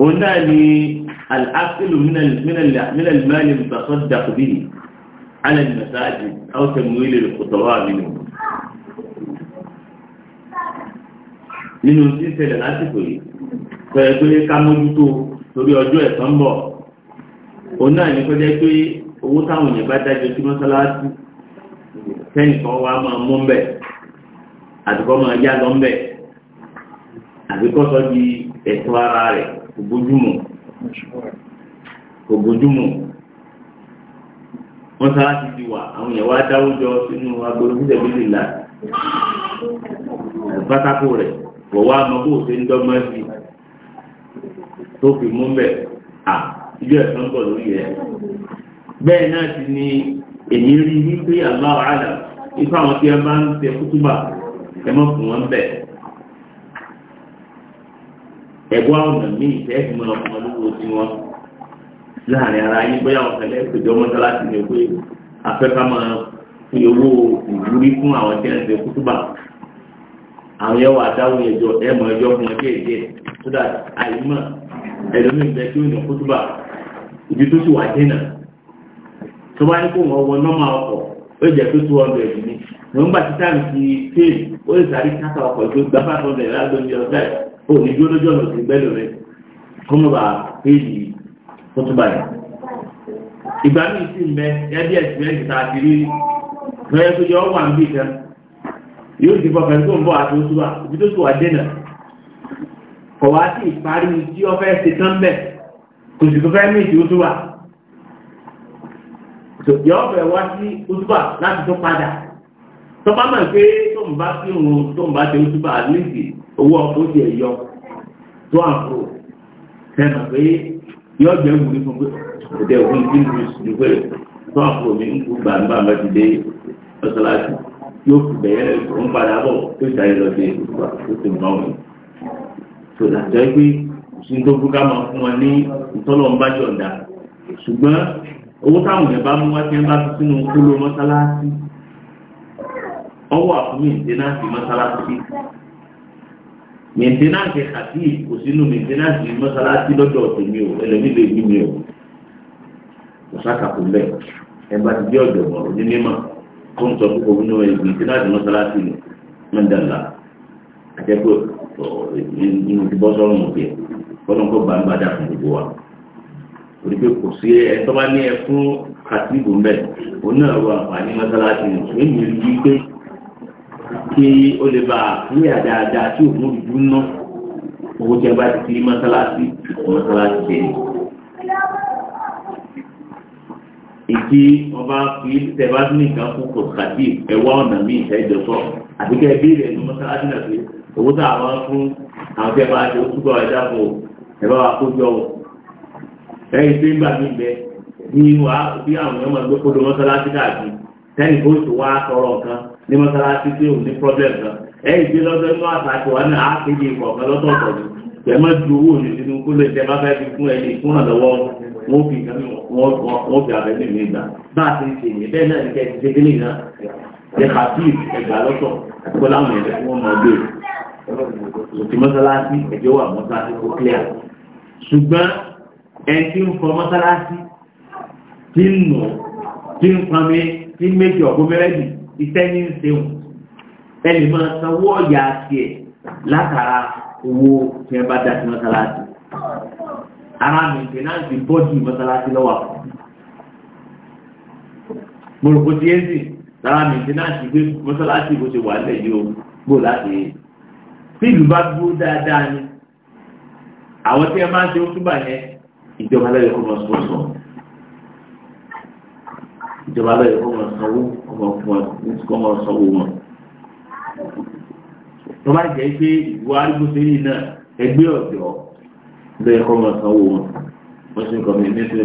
òun náà ni al-asilu minal minal minal mali mutasaddaq bihi. على المساجد أو تمويل الخطباء منهم nínú tí ń ṣẹlẹ̀ lásìkò yìí fẹ́ẹ́ pé ká mójútó torí ọjọ́ ẹ̀san ń bọ̀ òun náà ní kọjá pé owó táwọn èèyàn bá dájọ sí mọ́sálásí kẹ́nìkan wa máa mú ń bẹ̀ àdúgbò máa yá lọ ń bẹ̀ àdúgbò sọ di ẹ̀tọ́ ara rẹ̀ kò bójúmu kò bójúmu wọ́n sára ti di wà àwọn èèyàn wá dáwó jọ sínú agbóró fífẹ́ bíbí là pátákó rẹ̀ wọ̀ wá mọ bó ṣe ń dọ́gbọ́n sí tó fi mú bẹ̀ à ibi ẹ̀sán bọ̀ lórí rẹ̀ bẹ́ẹ̀ náà ti ni èyí rí wípé aláwọ̀ àdà ipa àwọn tí ẹ bá ń tẹ kútúbà ẹ mọ̀ fún wọn bẹ̀ ẹ̀gbọ́n àwọn míì fẹ́ẹ́ fi mọ ọkùnrin olówó tí wọ́n. láàrin ara yín bóyá ọ̀sẹ̀ lẹ́sẹ̀jọ́ mọ́sálásí ni pé afẹ́ká máa fi owó ìwúrí fún àwọn tí wọ́n ti kú túbà àwọn yẹn wà dáhùn ẹjọ́ ẹ̀mọ ẹjọ́ fún ọjọ́ èdè so that àìmọ̀ ẹlòmíín bẹ ibi tó wà dínà tó bá ní kó wọ nọ́mà ọkọ̀ ó jẹ́ tó ti ó lè sáré káta ọkọ̀ tó kótóbá yẹn ìgbà míì sì mẹ ẹbí ẹsìmẹsì tá a ti rí lọ́yẹ́ tó jẹ́ ọ wà ń bì kan yóò ti bọ̀ pẹ̀lú tó ń bọ̀ àti oṣù wa ibi tó sì wà dènà kọ̀ wá sí ìparí tí ọ fẹ́ ṣe tán bẹ̀ kò sì tó fẹ́ mí ti oṣù wa yọ ọbẹ̀ wá sí oṣù wa láti tó padà tó bá mọ̀ pé tó ń bá sí òun tó ń bá ṣe oṣù wa àlejò owó ọkọ̀ ó ti tó àǹfò sẹ́nu pé yóò jẹ́ ìwúrí fún pé òde òfin bí ìlú ìsìnkú pé tó àpò mi ń kú gbàǹgbà bá ti dé mọ́sálásí yóò fi bẹ̀yẹ́ ń padà bọ̀ tó ìdáyé lọ sí ìgbà tó ti mọ́ wọn. sọ̀dà jẹ́ pé òsín tó fún ká máa fún wọn ní ìtọ́lọ̀ ń bá jọ̀dá ṣùgbọ́n owó táwọn yẹn bá mú wá tí wọ́n bá fi sínú kóló mọ́sálásí ọwọ́ àfúnmí ìdè náà mọ́sálásí mẹ̀ntínáǹsì àti òsínú mẹ̀ntínáǹsì mọ́sálásí lọ́dọ̀ tèmi o ẹlẹ́mí lè yí mi o ọ̀sákàkùn lẹ̀ ẹ bá ti jẹ́ ọ̀dọ̀ ọ̀rọ̀ ní mímọ̀ tó ń sọ púpọ̀ nínú mẹ̀ntínáǹsì mọ́sálásí ni mẹ́ndàlá àjẹpọ̀ inú ti bọ́ sọ́run òkè fọ́nà kó gbàǹgbà dà fún gbogbo wa torí pé kò sí ẹ tó ní ẹ fún kàtíìbù mẹ́ òun náà wọ àǹfààní mọ́sálásí ni kí o lè bá àkúrẹ́ àdáadáa tí òun dúdú ná owó tí a bá ti kiri mọ́sálásí mọ́sálásí jẹ́ ni. ìdí ọba fi tẹ̀bá ní nǹkan fún kòtàkì ẹ̀wá ọ̀nà míì ìfẹ́jọ sọ àti kẹ́ ìbéèrè ẹ̀nu mọ́sálásí náà pé owó tá a máa ń fún àwọn tẹ́ bá ṣe oṣù bọ́ọ̀ ẹ̀dá fún ẹ bá wa kójọ o. ẹ̀yìn tó ń gbà mí bẹ nínú wa bí àwọn ọmọ ẹgbẹ́ kó ní mọ́sálásí tí ò ní problem náà ẹ̀yìn tí lọ́sẹ̀ lọ́wọ́ àtàkùn wa náà á kéde ìkọ̀ọ̀kan lọ́tọ̀ọ̀tọ̀ ni pẹ̀mọ́ ju owó òní sínú kó lè jẹ bá fẹ́ fi fún ẹni fún ọ̀dọ́wọ́ wọn fi wọn fi abẹ́ nínú ìgbà bá a ti ń ṣe yẹn bẹ́ẹ̀ náà ní kẹ́kẹ́ ṣe kíní náà ẹ kà sí ẹgbà lọ́tọ̀ kó láwọn ẹ̀rẹ́ fún ọmọ ọdẹ òtí mọ́sálásí ẹ̀jẹ̀ wà mọ́sálásí kó clear ṣùgbọ́n ẹni tí ń fọ mọ́sálásí tí ń nù tí ń pamẹ́ tí ń méjì ọ̀gbọ́n mẹ́rẹ́dì iṣẹ́ ní ń seun ẹnì máa sanwó ọ̀yà tiẹ̀ látara owó tí ẹ bá dá sí mọ́sálásí ara mẹ̀ntẹ́náǹtì bọ́ọ̀dù mọ́sálásí lọ́wọ́ mọ̀rọ̀kọ́ ti ẹ́ sì lára mẹ̀ntẹ́náǹtì gbé mọ́sálásí bó ṣe wà lẹ̀ yìí ó gbò láti tí ìlú bá dúró dáadáa ni àwọn tí ẹ máa ń ṣe ó túbà yẹn ìjọba lẹ́yìn kó lọ sọ́sọ́ ìjọba bẹ́ẹ̀ kó wọn sanwó ọmọ fún ẹ ní kó wọn sanwó wọn. tó bá jẹ́ pé ìwọ arúgbóṣeré náà ẹgbẹ́ ọ̀dọ́ bẹ́ẹ̀ kó wọn sanwó wọn muslim community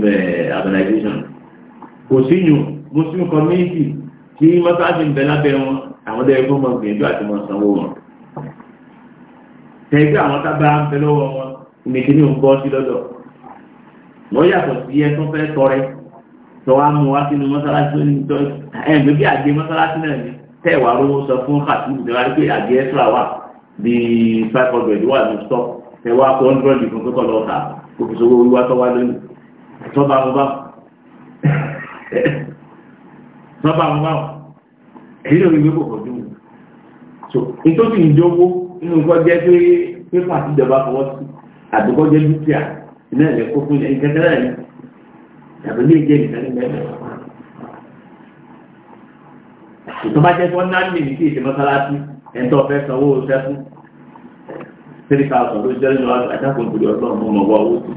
organization kò síyùn muslim community tí mọ́sáàjì ń bẹ lábẹ́ wọn àwọn ẹgbẹ́ kó wọn gbìyànjú àti wọn sanwó wọn. tẹ̀gbẹ́ àwọn tábà ń bẹ lọ́wọ́ wọn ìmìtì ní bọ́ sí lọ́dọ̀ wọ́n yàtọ̀ sí ẹ tọwá mú wá sínú mọ́sálásí ní tọ́ ẹ̀gbẹ́ bí àgbé mọ́sálásí náà ní tẹ́ẹ̀wá rówó sọ fún kàtúù tẹ́wá pé àgbé ẹ́sùlà wà bí five hundred wà ní sọ tẹ́wá kó hundred fún pẹ́kọ̀ lọ ta òfìsowó wíwá tọ́wá lónìí tọ́ba mo bá tọ́ba mo bá èyí ló ń so ìtòsí ìjọwó inú nǹkan jẹ́ pé pépà tíjọba fọwọ́ sí àdúgbò jẹ́ dúkìá iná ẹ̀lẹ́kọ́ yàtọ̀ ní ìjẹ́ ìfẹ́ nígbà ẹ̀mẹ́ ìtọ́ba jẹ́ tí wọ́n náà ní ìdí ìdí mọ́sálásí ẹ̀ńtọ́ fẹ́ sanwó sẹ́fún three thousand ló jẹ́ nínú àtàkùn ìgbòdì ọlọ́run mọ́ ọgbà owó tó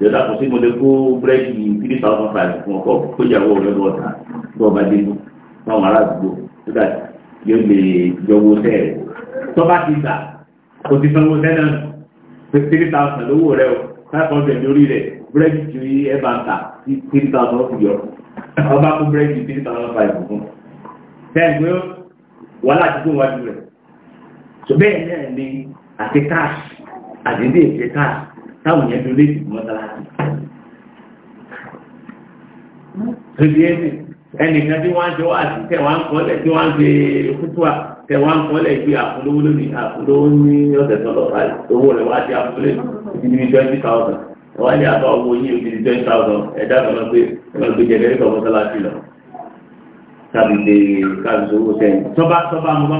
yọ̀dá kò sí mo lè kó búrẹ́dì three thousand five fún ọkọ̀ kó yàwó rẹ̀ lọ́ta bí ọba dé mú fáwọn ará àdúgbò tó dà yóò lè jọwọ́ sẹ́ẹ̀ tọ́ba ti gbà kò ti sanwó sẹ́nà three thousand lówó rẹ̀ o five hundred lórí rẹ̀ búrẹ́dì tí ẹ bá ń ta three thousand fi yọ ọba kó búrẹ́dì three thousand five fún ten pé wọ́n láti kó wájú rẹ̀ so bẹ́ẹ̀ náà ni àti cash àdéhùn èdè cash táwọn yẹn tó lé ìdìbò mọ́tàláṣí. Tòdì ẹni ẹnìkan tí wọ́n ń ṣe wá sí tẹ̀ wọ́n ń kọ́lẹ̀ tí wọ́n ń ṣe kútùà tẹ̀ wọ́n ń kọ́lẹ̀ pé àfúlówó lónìí àfúlówó ní ọ̀sẹ̀ tọ́lọ̀ owó rẹ̀ wá sí àfúlé ní twenty thousand wọ́n á ní àtọ́ owó yìí ó ti di twenty thousand ẹ̀dá kan lọ pé wọ́n gbé jẹ̀gẹ́ nípa ọmọ sọ́láṣí lọ kábi dé kábi sọ́wọ́ sẹ́yìn sọ́ba sọ́ba mo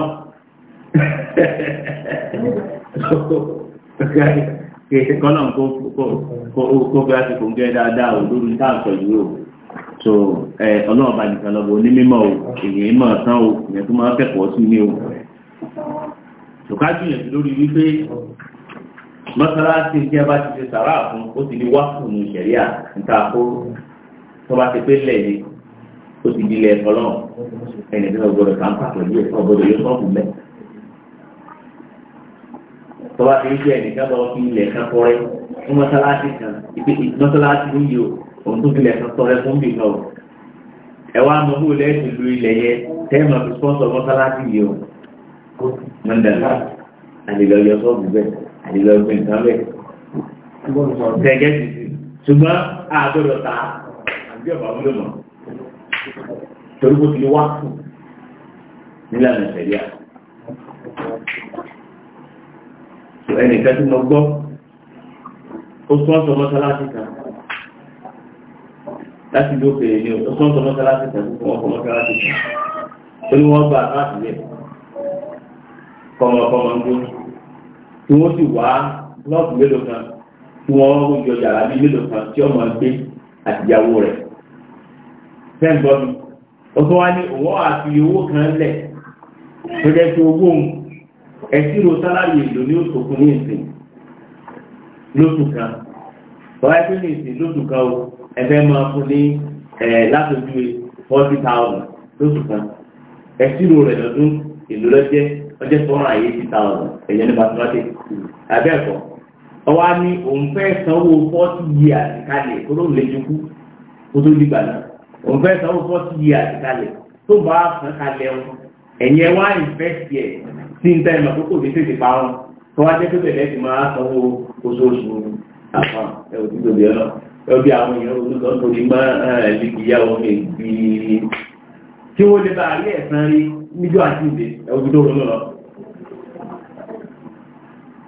bá kèsì kọ́nà kó bí a ti fòun gẹ́ dáadáa o lórí táàtọ̀ yìí o so ọlọ́run bá nìkan lọ́gbọ̀ onímọ̀ o èyàn mọ̀ ọ̀sán o èyàn tó máa kẹ́kọ̀ọ́ sí ní o tòkájú yẹn lórí wípé mọ́sálásí tí a bá ti ṣe sàrá fún ó ti di wákù nù ṣẹ̀ríà níta kó tó bá ti pé lẹ̀ ni ó ti di ilẹ̀ ọlọ́run ẹni tí wọ́n gbọ́dọ̀ kàn pàtó yìí ẹ̀kọ́ gbọ́dọ̀ yóò sọ́ọ̀kù mẹ́. tó bá ti ń ṣe ẹnìkan lọ fi ilẹ̀ kan kọ́rẹ́ fún mọ́sálásí kan ìpè mọ́sálásí ní yìí o òun tó tilẹ̀ kan tọrẹ fún bì náà ẹ wá mọ bó lẹ́ẹ̀tì lu ilẹ̀ yẹ tẹ́ẹ̀mà fi sponsor o mọ́ndàlá àdìlọ́gbìn nǹkan bẹ́ẹ̀ tẹ̀gẹ́ ti sí ṣùgbọ́n àgbọ̀dọ̀ ta àbí ọ̀bà wúlò mọ̀ torí kò ti wá fún nílànà ìṣẹ̀lẹ̀ ẹnìkan tí mo gbọ́ ó sọ́ọ̀sọ̀ mọ́sálásí kan láti ló pè ní ọ̀sọ́ọ̀sọ̀ mọ́sálásí kan tó fún ọkọ̀ kan ó ní wọ́n gba àkáàtì rẹ̀ kọ́mọkọ́mọ ń gbóni tí wọ́n sì wá lọ́ọ̀kù mélòó kan tí wọ́n yọ yàrá bí mélòó kan tí ọmọ gbé àtìyàwó rẹ̀ fẹ́ǹgbọ́n mi ó tún wá ní òwò àti owó kan lẹ̀ tó jẹ́ pé owó òun ẹ̀sìrò sálárì èlò ní oṣù fún ní ìsìn lóṣù kan tọ́wá ẹgbẹ́ ní ìsìn lóṣù kan o ẹgbẹ́ máa fún ní látọ̀jú forty thousand lóṣù kan ẹ̀sìrò rẹ̀ lọ́dún èlò lọ́jẹ́ ọjọ́ tó rà yìí ti ta ọ̀rọ̀ ẹ̀yẹ ní mathematics abẹ́ẹ̀kọ́ ọwọ́ á ní òun fẹ́ sanwó forty years kalẹ̀ kó ló lè jukú kó tó dìgbà náà òun fẹ́ sanwó forty years kalẹ̀ tó bá san kalẹ̀ wọn ẹ̀yẹ wá invest yẹ sí ní tẹ́lẹ̀ màkókò ní tètè pa wọn tó wá jẹ́ pé bẹ̀rẹ̀ ti máa sanwó oṣooṣù àwọn ẹ̀ òbí tóbi ọ̀nà ẹbí àwọn èèyàn olùsọ torí máa ẹ̀lẹ́gbìyàwó níjọ́ àti ìdè ẹ̀wù tó lọ lọ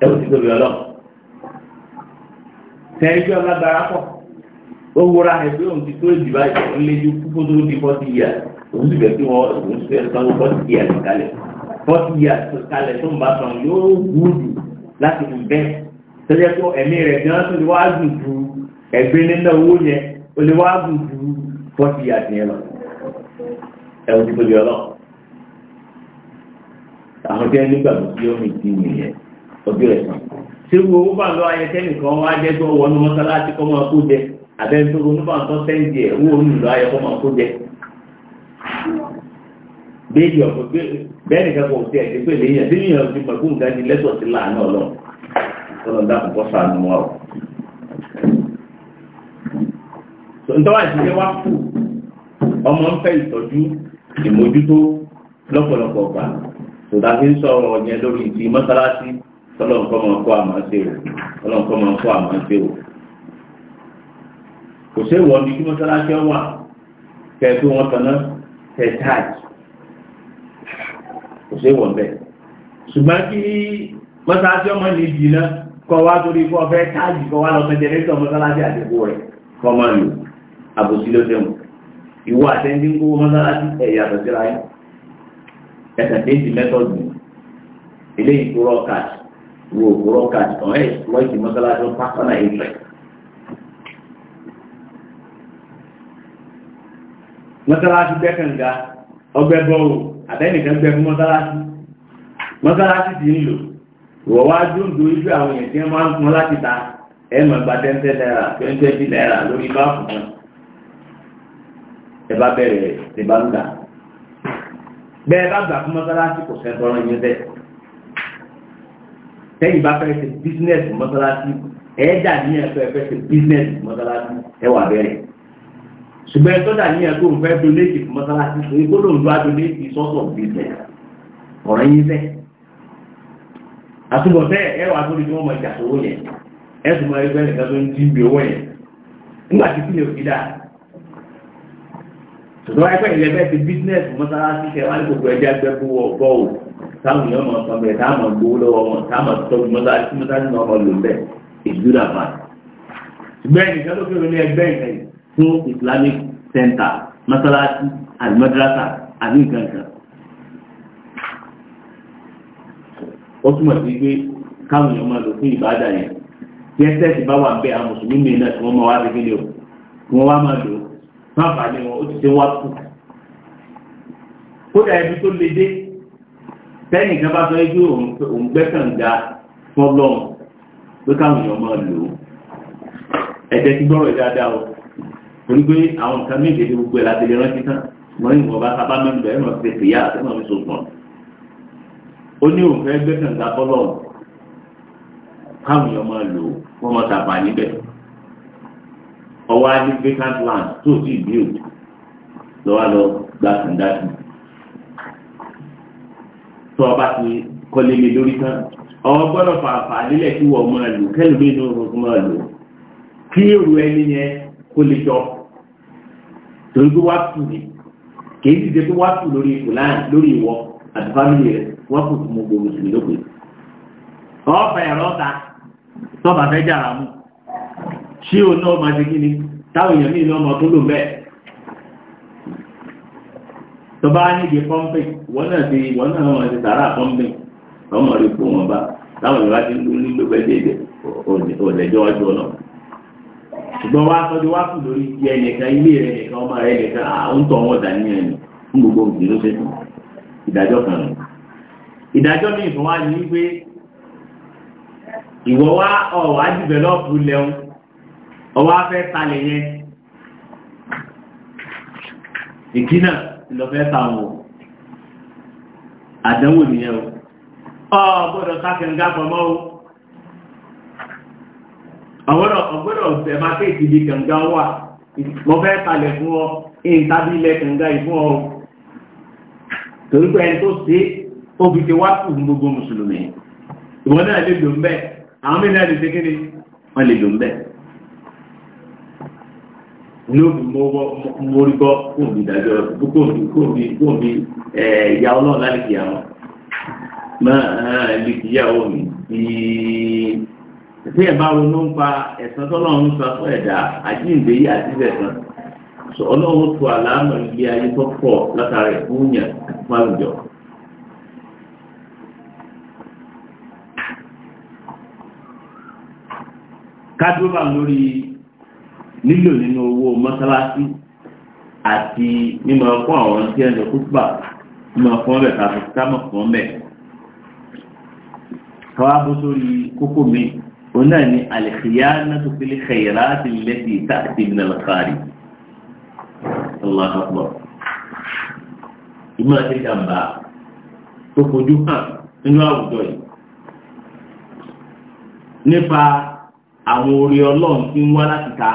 ẹ̀wù tó lọ lọ tẹ̀yìnjọ́ lágbára pọ̀ ó wúra ẹ̀ pé òun ti tó èdè báyìí ó lé ju púpọ̀ tó di fọ́tí yíyà òun sì bẹ̀ kí wọ́n òun sì fẹ́ sanwó fọ́tí yíyà ti kalẹ̀ fọ́tí yíyà ti kalẹ̀ tó ń bá san yóò wú jù láti fi bẹ́ẹ̀ tẹ́jẹ́ pé ẹ̀mí rẹ̀ gan tó lè wá gùn ju ẹgbẹ́ nínú owó yẹn ó lè wá gùn ju fọ́tí yíyà ti yẹn lọ ẹ̀wù tó lọ àwọn jẹ́ nígbàgbọ́ tí ó rìn sí nìyẹn ọjọ́ ẹ̀sán ṣé wo owó bá ń lọ ayẹ tẹ́nìkan wá jẹ́ tó wọnú mọ́sálásí kọ́ máa kó jẹ abẹ́ tó ronú bá ń tọ́ sẹ́ńdì ẹ̀ owó orí ìlú ayẹ kọ́ máa kó jẹ. béèni ọ̀pọ̀ bẹ́ẹ̀ nìkan kò tiẹ̀ ti pè léyìn àti níyàn ti mọ̀ fún ìdájí lẹ́tọ̀ sí láàánú ọlọ́ ọlọ́ dákùnkọ́ sànù wa o. ntọ́wà ìṣiṣẹ́ wá kù ọmọ ń fẹ́ ìtọ́jú ìmójútó lọ́pọ̀lọpọ̀ gbà tòdà fi ń sọ̀rọ̀ yẹn lórí ti mọ́sálásí ọlọ́nkọ́ máa kó àmọ́ ṣe o ọlọ́nkọ́ máa kó àmọ́ ṣe o kò sí ìwọ ní kí mọ́sálásí wà kẹ́ẹ̀tù wọn tanná kẹ́ẹ̀táàjì kò sí ìwọ bẹ́ẹ̀ ṣùgbọ́n kí mọ́sálásí ọmọ ní ìdí náà kọ́ wá torí kọ́ fẹ́ táàjì kọ́ wá lọ fẹ́ jẹ́rẹ́tọ̀ mọ́sálásí àdìgbò rẹ̀ kọ́ máa lò àbòsí ló dẹ̀wọ̀n ìwọ àtẹ́ndínkù mọ́sálásí ẹ̀yà àtọ̀síra yẹn ẹsẹ̀ déjì mẹ́tọ́dù eléyìí tó rọ́ọ̀kàt wo rọ́ọ̀kàt kan ẹ̀ lọ́ọ̀tì mọ́sálásí pásánà ìfẹ́. mọ́sálásí gbẹ́kànga ọgbẹ́ bọ́ọ̀lù àtẹ́nìkan gbẹ fún mọ́sálásí mọ́sálásí ti ń lò wọ́n wá dúndú ojú àwọn èèyàn tí wọ́n máa ń pọn láti ta ẹ̀mọ̀ gba tẹ́ńtẹ́ náírà twenty naira lórí báàfù náà ẹ bá bẹ̀rẹ̀ ṣe bá ń dà. bẹ́ẹ̀ bá gbà fún mọ́sálásí kò sẹ́ tọrọ yín bẹ́ẹ̀ tẹ́yìn bá fẹ́ ṣe bísínẹ́sì mọ́sálásí ẹ̀ẹ́dà ní ẹ̀fẹ́ ṣe bísínẹ́sì mọ́sálásí ẹwà bẹ̀rẹ̀ ṣùgbọ́n ẹ̀tọ́ dà ní ẹ̀tọ́ òun donate fún mọ́sálásí ṣe gbọ́dọ̀ ń business ọ̀rọ̀ bẹ́ẹ̀ àtúbọ̀ bẹ́ẹ̀ ẹwà wọ́n mọ ìjà sówó yẹn ẹ̀sùn ṣùgbọ́n ẹgbẹ́ ilẹ̀ bẹ́ẹ̀ ti business mọ́sálásí ṣe wá ní gbogbo ẹjẹ́ agbẹ́kú ọgbọ́ ò táwọn èèyàn mọ̀ ọ̀sán bẹ́ẹ̀ táwọn gbowó lọ́wọ́ wọn táwọn tọ́jú mọ́sálásí mọ́sálásí náà mọ̀ lò bẹ́ẹ̀ ìdúrà fà. ṣùgbọ́n ẹnìkan ló kéwòn ní ẹgbẹ́ ìfẹ́ fún Islamic Center mọ́sálásí àti madrasa àti nǹkan kan. ó túmọ̀ sí pé káwọn èèyàn máa lò fún ìbádà yẹn tí ẹ́sẹ̀ ti bá wà bẹ́ẹ̀ àwọn mùsùlùmí náà bàbá ni wọn ó ti ṣe wá kù kódà ibi tó le dé sẹ́yìn kan bá sọ pé òun gbẹ́kànga fún ọlọ́run pé káwọn èèyàn máa lò ó ẹ̀jẹ̀ ti gbọ́rọ̀ dáadáa o torí pé àwọn nǹkan méje ní gbogbo ẹ̀ láti lè rántí tán wọ́n ní ìwọ̀nba sábà mẹ́rin bẹ̀rẹ̀ náà ti fìyà àti náà fi sọ̀tàn ó ní òun fẹ́ gbẹ́kànga fọlọ́run káwọn èèyàn máa lò ó wọ́n máa tàbà níbẹ̀ ọwọ́ á ní vacant land tó sì build lọ́wọ́ lọ gba kàndáàtì tó ọba ti kọ́lé lé lórí tán ọwọ́ gbọ́dọ̀ fàǹfà nílẹ̀ tí wọ́n máa lò kẹ́lùmí inú ọ̀rọ̀ máa lò kí èrò ẹni yẹn kó lè jọ torí pé wá tù ní kì í sì ṣe pé wá tù lórí fúlàn lórí ìwọ àti fámìlì rẹ wọ́n kò fún gbogbo mùsùlùmí lópin. ọ̀ọ́ fẹ̀yàrá ọ̀ta tọ́ba fẹ́ jàrá mú. ṣí o náà ma ṣe gíní táwọn èèyàn míì náà tó lò bẹ́ẹ̀ tó bá wọ́n náà ti náà ọmọ rẹ̀ kó wọn bá táwọn èèyàn bá ti ń bẹ́ẹ̀ ọjọ́ ṣùgbọ́n wá tọ́jú wá kù lórí ti ẹnìkan ilé rẹ̀ nìkan ọmọ rẹ̀ nìkan àwọn wọn dà ní fún gbogbo kan nù. ìdájọ́ mi ìfọwọ́ ni wípé wá ọwọ́ afẹ́ talẹ̀ yẹn ìkínà ìlọ́fẹ́ tàwọn àdánwò nìyẹn o ọgbọ́dọ̀ kákẹ̀ǹgá pọ̀mọ́ o ọgbọ́dọ̀ ọ̀sẹ̀ máa tẹ́ ìtìlẹ̀ kẹ̀ǹgá wà mọ́ fẹ́ talẹ̀ fún ọ ìntàbí ilẹ̀ kẹ̀ǹgá ìfún ọ torí pé ẹni tó ṣe óbi ti wá kù fún gbogbo mùsùlùmí ìwọ náà lè lò ń bẹ́ẹ̀ àwọn mìíràn lè ṣe kí ni wọ́n lè lò bẹ́ẹ̀ n'oge mórígbọ́ kóòbí ìdájọ́ ọ̀dùnkú kóòbí kóòbí kóòbí ìyá ọlọ́run lálẹ́kì àwọn máa lè kí ìyàwó mi bí ṣé ẹ̀ bá ronú ń pa ẹ̀sán ń sọ fún ẹ̀dá àjíǹde yìí àti sọ ọlọ́run tó ilé ayé tó pọ̀ látara ìfúnyà fún àwùjọ. lórí lílò nínú owó mọ́sálásí àti mímọ fún àwọn tí ẹnu kúkúbà mímọ fún ọbẹ̀ tàbí kámọ̀ fún ọbẹ̀ káwá bó sórí kókó mi òun náà ni al-khiyanatu fil khayrati allati ta'ti min al-kharij Allahu akbar ìmọ̀ àti ìjàmbá tó fojú hàn nínú àwùjọ yìí nípa àwọn orí ọlọ́run tí ń wá láti ta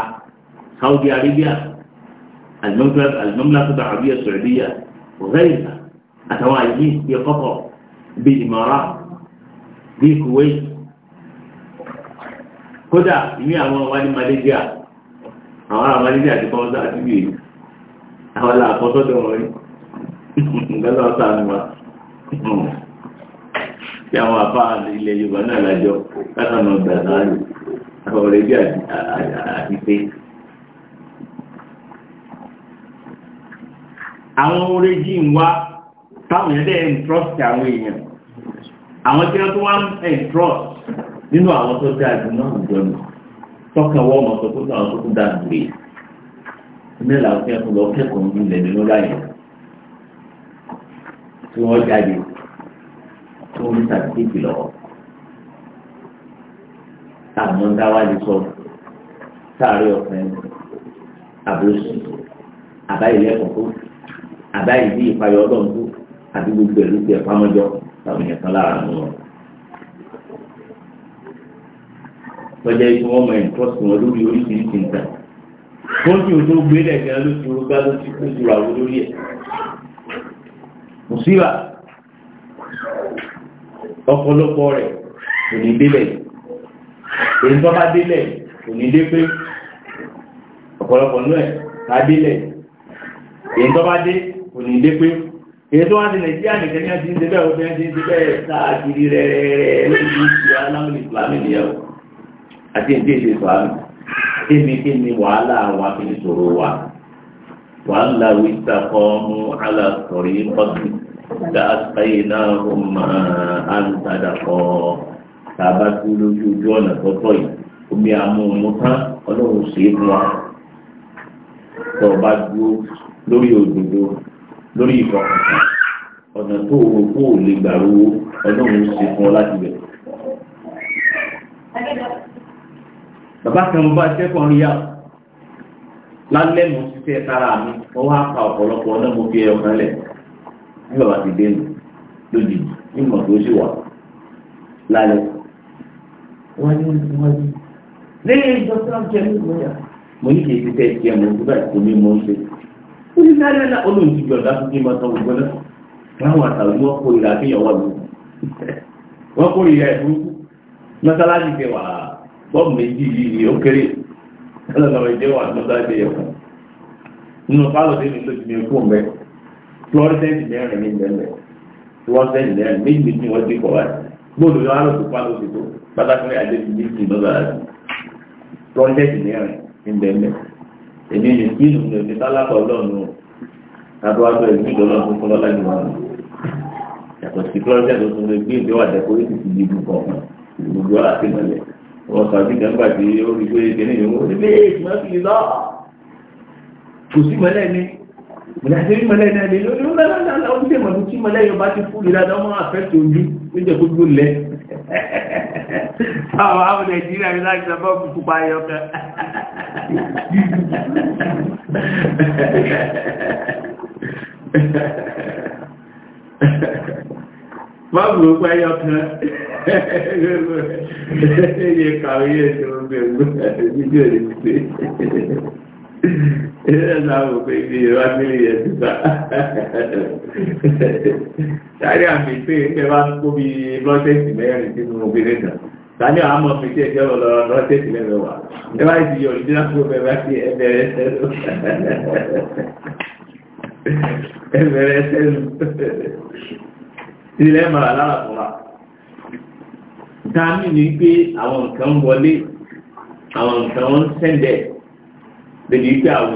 سعودي عربيا المملكة المملكة العربية السعودية وغيرها أتواجدين في قطر بالإمارات في الكويت هدى جميع موالي ماليزيا أولا ماليزيا تبوزا تبيه أولا قطر دوري قال الله تعالى ما يا ما فاز إلا يبنى لجو كثم البنان أولا يجي أجي أجي أجي أجي àwọn oréjì ń wá táwọn ẹ̀dẹ́ ń trust àwọn èèyàn àwọn tí wọ́n tó wá ń trust nínú àwọn tó dáa jù náà jọ nù tọ́ka wọ́n mọ̀ tó kókó àwọn tó kó dáa jù rè ní làwọn tí wọ́n tó lọ kẹ́kọ̀ọ́ ń lẹ̀ nínú láyé tí wọ́n jáde tó ń sàkíyèsí lọ́wọ́ àwọn dáwàlì sọ sáré ọ̀fẹ́ àbúrò àbáyé lẹ́kọ̀ọ́ tó kù àdáyé bí ìpayọ ọlọ́run tó àti gbogbo ẹ̀lú ti ẹ̀fámọ́jọ táwọn èèyàn kan lára nù wọn. tọ́jà ikú wọn mọ ìtọ́sí wọn lórí oríṣiríṣi nǹkan wọ́n ti òjò gbé lẹ́gbẹ̀ẹ́ ló ti rúgbá ló ti kó jura wo lórí ẹ̀. mùsíbà ọ̀pọ̀lọpọ̀ rẹ̀ kò ní délẹ̀ èyí tó bá délẹ̀ kò ní dé pé ọ̀pọ̀lọpọ̀ náà ká délẹ̀ èyí tó bá dé kò ní dé pé èyí tó wá ti nàìjíríà nìkan ní àti ìdíbẹ̀ òfin àti ìdíbẹ̀ káàkiri rẹ̀ lórí ìṣẹ́ aláwọ̀ ìsìlámì nìyẹn àti ìdí ìṣe ìsìlámì kémi kémi wàhálà wa kì í ṣòro wa wàhálà wíta kọ́mú alásọ̀rí pọ́sì dá sáyé náà ó máa àlùkádà kọ́ tàbá tó lójú ojú lórí ìfọkànsìn ọ̀nà tó o kó o lè gbà rówó ọlọ́run ń ṣe fún ọ láti bẹ̀. bàbá kan mo bá ṣẹ́kọ̀ọ́ rí yá lálẹ́ mo ṣiṣẹ́ sára mi wọ́n wá pa ọ̀pọ̀lọpọ̀ ọ̀nà mo fi ẹyọ kan lẹ̀ ní bàbá ti dé nù lójijì ní ìmọ̀ tó ṣì wà lálẹ́. wọ́n ní wọ́n ní lẹ́yìn ìjọ sáà jẹ́ mi mo ní kì í ṣiṣẹ́ tiẹ̀ mo ní báyìí kò ní mo ń ṣe ó ní lálẹ́lá olóhùn ti gbọ̀dá fún kí n máa sanwó gbọ́dá láwọn àtàwọn wọn kó ìlà àti ìyàwó mi wọn kó ìyà ẹ̀fú mọ́sálásí ti wà bọ́ọ̀mù méjì yìí ó kéré ọlọ́dọ̀ ìjẹ́ wà mọ́sálásí ẹ̀fú nínú pálọ̀ tẹ́lẹ̀ ló ti ní ikú mẹ́ florissant mẹ́rin ní mẹ́rin florissant mẹ́rin méjì méjì wọ́n ti kọ̀ wá gbọ́dọ̀ yọ àrùn tó pálọ̀ ti tó pátákó èmi yìí kí ìlú mi ò ní tálákà ọlọ́run láti wá bẹ̀rẹ̀ ní ìdọ́lọ́ tó fún lọ́lá ìwọ̀n mi yàtọ̀ sí klọ́jẹ́ tó tún lè gbé ìdíwà dẹ́kọ́ ètò ti di ibùkọ̀ ọ̀kan gbogbo àti mọ̀lẹ́ wọn sọ àti gàǹgbà tí ó rí pé kíní ìwọ̀n ó ní bẹ́ẹ̀ ìtumọ̀ sí i lọ kò sí mọ́lẹ́ ni ìdájọ́ ní mọ́lẹ́ náà ni lórí lọ́lọ́lọ́lọ́ ó dé mọ̀lú tí mọ́lẹ́ yóò bá ti fún ìlànà ọmọ àfẹ́tò ojú ó jẹ́ gbogbo lẹ́ àwọn àwọn nàìjíríà yóò láti sọ fọ́ọ̀mù pupa ẹyọ kan Máàbù ó pẹ́ yọkan ẹgbẹ́ kàwé ètò ọgbẹ̀gbẹ̀ ìjọ ìrìnṣẹ́. Ilé láàrùn pé ibi ìrámílì yẹ títà. Sáré tàbí àwọn ọmọ fi tí ẹjọ́ lọ́rọ̀ lọ́rọ̀ tẹ́sí lẹ́rẹ̀ wà ẹ bá ti yọ ìdílá fún ẹbẹ̀rẹ̀ sí ẹbẹ̀rẹ̀ sẹ́lú ẹbẹ̀rẹ̀ sẹ́lú ilẹ̀ mara lára fún wa tàbí ní pé àwọn nǹkan wọlé àwọn nǹkan wọn sẹ́ndẹ̀ lèyí pé àwọn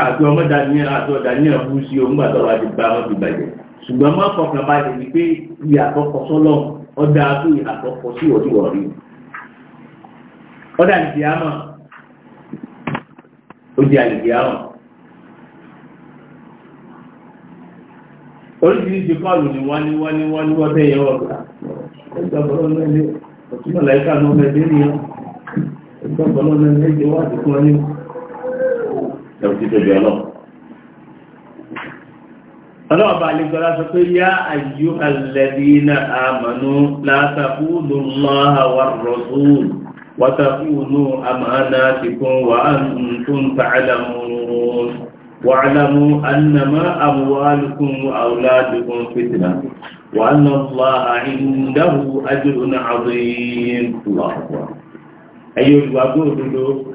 àti ọmọ daniel àti daniel bú sí ohun gbàtọ́ wa ti gba wọn ti bàjẹ́ ṣùgbọ́n má fọkàn balẹ̀ ni pé ìyàtọ̀kọ sọ́lọ́ ọ̀dà tó ìyàtọ̀kọ sí òdiwọ̀ rí ọ̀dà ìdí àmọ́ ó di àlèdí oríṣiríṣi kọ́ọ̀lù ni wọ́n ní wọ́n ní wọ́n ní wọ́n tẹ́yẹ ọ̀gá ẹgbẹ́gbọ́lọ́ náà lé ọ̀túnmọ̀ láìka náà fẹ́ dé nìyẹn ẹgbẹ́gbọ́lọ́ náà lé ẹ̀wọ̀n tí tóbi ọlọ́ ọlọ́wọ́ bá lè gbọ́lá sọ pé yá àyú alladhina amanu la taqulu Allaha war rasul wa taqulu amanatikum wa antum ta'lamun wa'lamu annama amwalukum wa awladukum fitna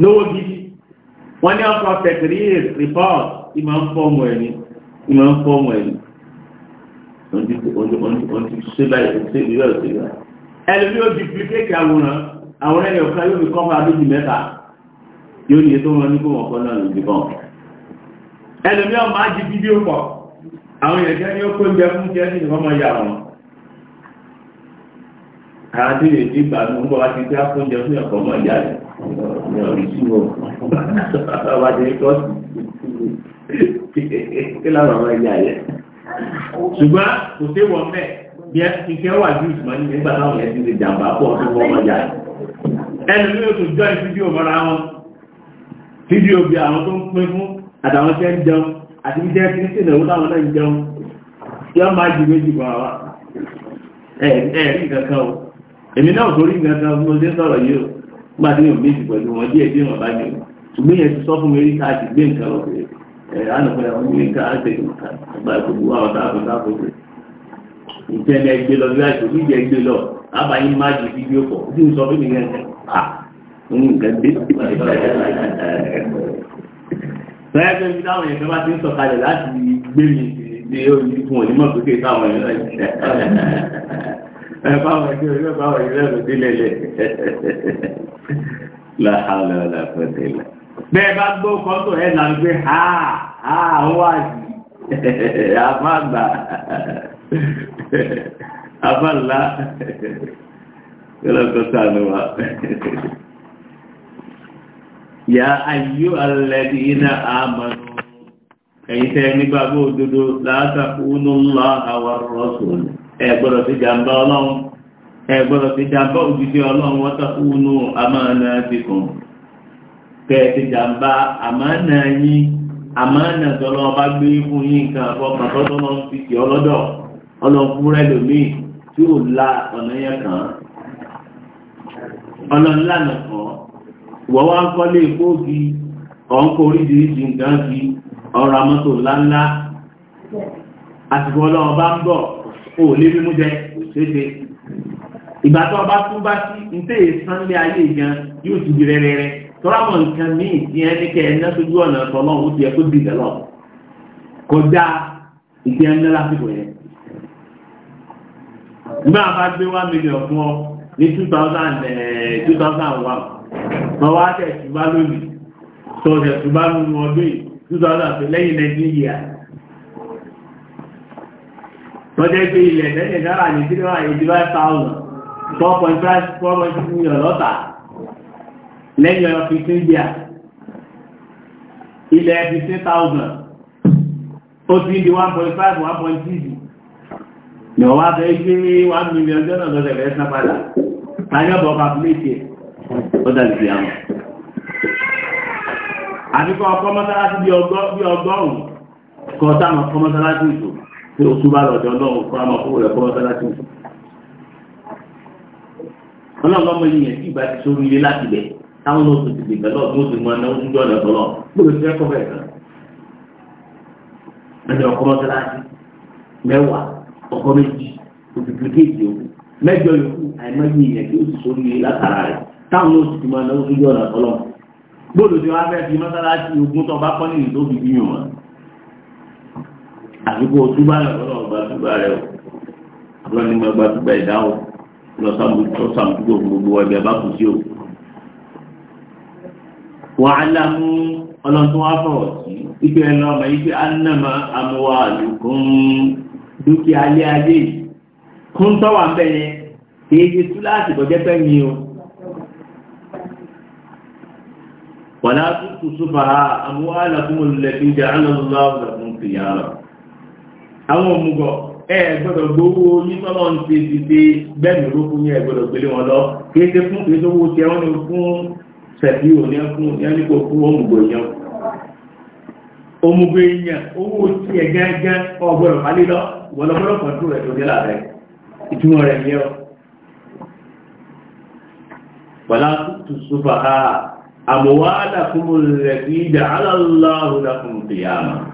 lówó gidi wọ́n ní ọkọ̀ tẹ̀gírí rìpọ́t ìmọ̀ ń fọ́ọ̀mù ẹ̀ ní ìmọ̀ ń fọ́ọ̀mù ẹ̀ ní òun ti ṣe báyìí ṣe ìrírọ̀ ṣe rà ẹlòmí ó duplicate àwòrán àwòrán ẹ̀yọ̀ kan yóò fi kọ́ máa lójú mẹ́ta yóò ní ètò wọn ní kó wọn kọ́ náà lójú kan ẹlòmí ọmọ á di fídíò pọ̀ àwọn èèyàn kẹ́ ní ó kó fún jẹ́ sí ìfọ́mọ ya wọn àwọn tí èdè ìgbà ń bọ̀ wá ti dá oúnjẹ fún ẹ̀kọ́ mọ̀ ìyá rí sí wọn bàbá jẹ́ kọ́ọ̀sì kí láwọn ọmọ ẹgbẹ́ ayẹ ṣùgbọ́n kò sí wọn bẹ́ẹ̀ bí ẹ ti kẹ́ wà ju ìsìnmọ́ ní nígbà táwọn yẹn ti lè jàǹbá pọ̀ tó wọ́n mọ̀ jà ẹnu ní oṣù jọ ìfídíò mọ́ra wọn fídíò bí àwọn tó ń pín fún àtàwọn tẹ́ ń jẹun àti bí tẹ́ ń sìn ìnáwó táwọn náà ń jẹun tí wọ́n máa jù méjì kan wá ẹ̀ẹ́rí nǹkan kan o èmi náà torí nǹkan kan mo ṣe sọ̀rọ̀ yìí o nígbà tí yóò méjì pẹ̀lú wọn díẹ̀ díẹ̀ wọn bá yẹ wọn ṣùgbọ́n yẹn ti sọ fún mi rí káàdì gbé nǹkan lọ sí ẹ ànàfẹ́ àwọn ilé káàdì àgbà gbogbo àwọn táàbù táàbù rẹ̀ ìtẹ́lẹ̀ ẹgbẹ́ lọ lórí àìsàn ìjẹ́ ẹgbẹ́ lọ àbáyé máàjì fídíò pọ̀ tí ń sọ fún mi yẹn à ń nǹkan dé. Bẹ́ẹ̀ bí táwọn yẹn bá ti ń sọ̀kalẹ̀ báwọn ẹgbẹ́ ìlú báwọn ìlú ẹ̀rọ délé lẹ̀ láhàlẹ̀ ọ̀làfẹ́dẹ̀lẹ̀. bẹ́ẹ̀ bá gbọ́ fọ́tò ẹ̀ náà gbé ha ha wá yìí àfàgbà àfàlá kọlọ́kọ́tà ni wà. yà ayú alẹ́dí iná àmàlú ẹ̀yin tẹ́ nígbàgbọ́ òdodo látàkùnú lọ́hàwá rọ́sùn ẹ gbọ́dọ̀ sí jàmbá ọlọ́run ẹ gbọ́dọ̀ sí jàmbá òjíṣẹ́ ọlọ́run wọ́tàkùnú àmàna ti kàn kẹ́ẹ̀sì jàmbá àmàna yín àmàna tọ́lọ́ ọba gbé fún yín nǹkan àfọkàn tọ́tọ́ náà ti kì ọlọ́dọ̀ ọlọ́kúnrẹ́ lòmíì tí ò la ọ̀nà yẹn kàn án ọlọ́nlànà kan wọ́n wá ń kọ́lé ìkóògì ọ̀nkọ oríṣiríṣi nǹkan fi ọ̀rọ̀ àmọ́tò ńláńlá àtìkọ́ ọlọ́run bá ń bọ̀ o lè mímú jẹ òṣèṣe ìgbà tó ọba tún bá sí ntẹ́ ìsanlé ayé gan yóò ti di rẹ́rẹ́rẹ́ tọ́lámọ̀ nǹkan míì tí ẹ ní kẹ́ ẹ ná sójú ọ̀nà ọ̀tọ̀ náà ó ti ẹ kó di ìdẹ́lọ́ kọjá ìdí ẹ ná lásìkò yẹn. nígbà bá gbé one million fún ọ ní two thousand eh, two thousand one wọ́n wá tẹ̀ ṣùgbọ́n lónìí tọ̀ọ̀tẹ̀ ṣùgbọ́n lónìí ọdún yìí two thousand lẹ́yìn nineteen years tọ́jẹ́ pé ilẹ̀ tẹ́lẹ̀ náírà ní 385,000 4.5 million lọ́tà lẹ́yìn ọ̀yọ́ 15 díà ilẹ̀ 15,000 ó ti di 1.5 1.6 ni ọwá bẹ́ gbé 1 million jọ́nà lọ́sẹ̀ rẹ̀ sán padà tàyọ̀bọ̀ kàpùlẹ̀tì ẹ̀ ó dàbí sí àwọn àbíkọ́ ọkọ̀ mọ́sálásí bí ọgọ́rùn-ún kọ́ sáwọn ọkọ̀ mọ́sálásí ìṣòro tí ó túbá lọ́jọ́ lọ́wọ́ fún àmọ́ fún rẹ̀ kọ́ mọ́sálásí. ọlọ́run lọ́mọ yìí yẹn tí ìgbà ti sórí ilé láti bẹ̀ táwọn oṣù ti dìgbà lọ́ọ̀ tó ti mọ anáwó tó jọ̀ọ̀nà tọ́lọ̀ gbogbo ti rẹ́kọ̀ bẹ̀rẹ̀ kan. ẹ̀jẹ̀ ọkọ̀ mọ́sálásí mẹ́wàá ọkọ̀ méjì òtútù kéèjì òkú mẹ́jọ yòókù àìmọ́jú yẹn tí ó ti sórí ilé látara rẹ̀ táwọn oṣù ti mọ anáwó tó jọ̀ọ̀nà tọ́lọ̀ gbogbo ti wá fẹ́ fi mọ́sálásí àdúgbò túbà lọ́wọ́ ọgbà túbà rẹ o àbúrò ní mo gba túbà ìdá o lọ sàmùdúgbò gbogbo ẹgbẹ́ bá kù sí o. wàhálà mú ọlọ́tún wá fọ̀rọ̀ sí ipe ẹ̀nà ọmọ yìí pé anamọ amúwa àlùkùn dúkìá alé ayé kún tọ́wà ń bẹ̀yẹ kìí ṣe bọ́jẹ́ pẹ́ ni o. wàhálà tuntun sọfà amúwa àlùkùn olùlẹ̀bí jẹ́ àlọ́ lọ́wọ́ ọ̀gbìn kìyàrá. àwọn òmùgọ̀ ẹ gbọ́dọ̀ gbowó onítọ́lọ́ ń ti ti ti bẹ́ẹ̀mì ní gbélé wọn lọ kéde fún kéde tí wọ́n ni fún sẹ̀fí òní fún yánípo fún òmùgọ̀ èèyàn òmùgọ̀ èèyàn owó tí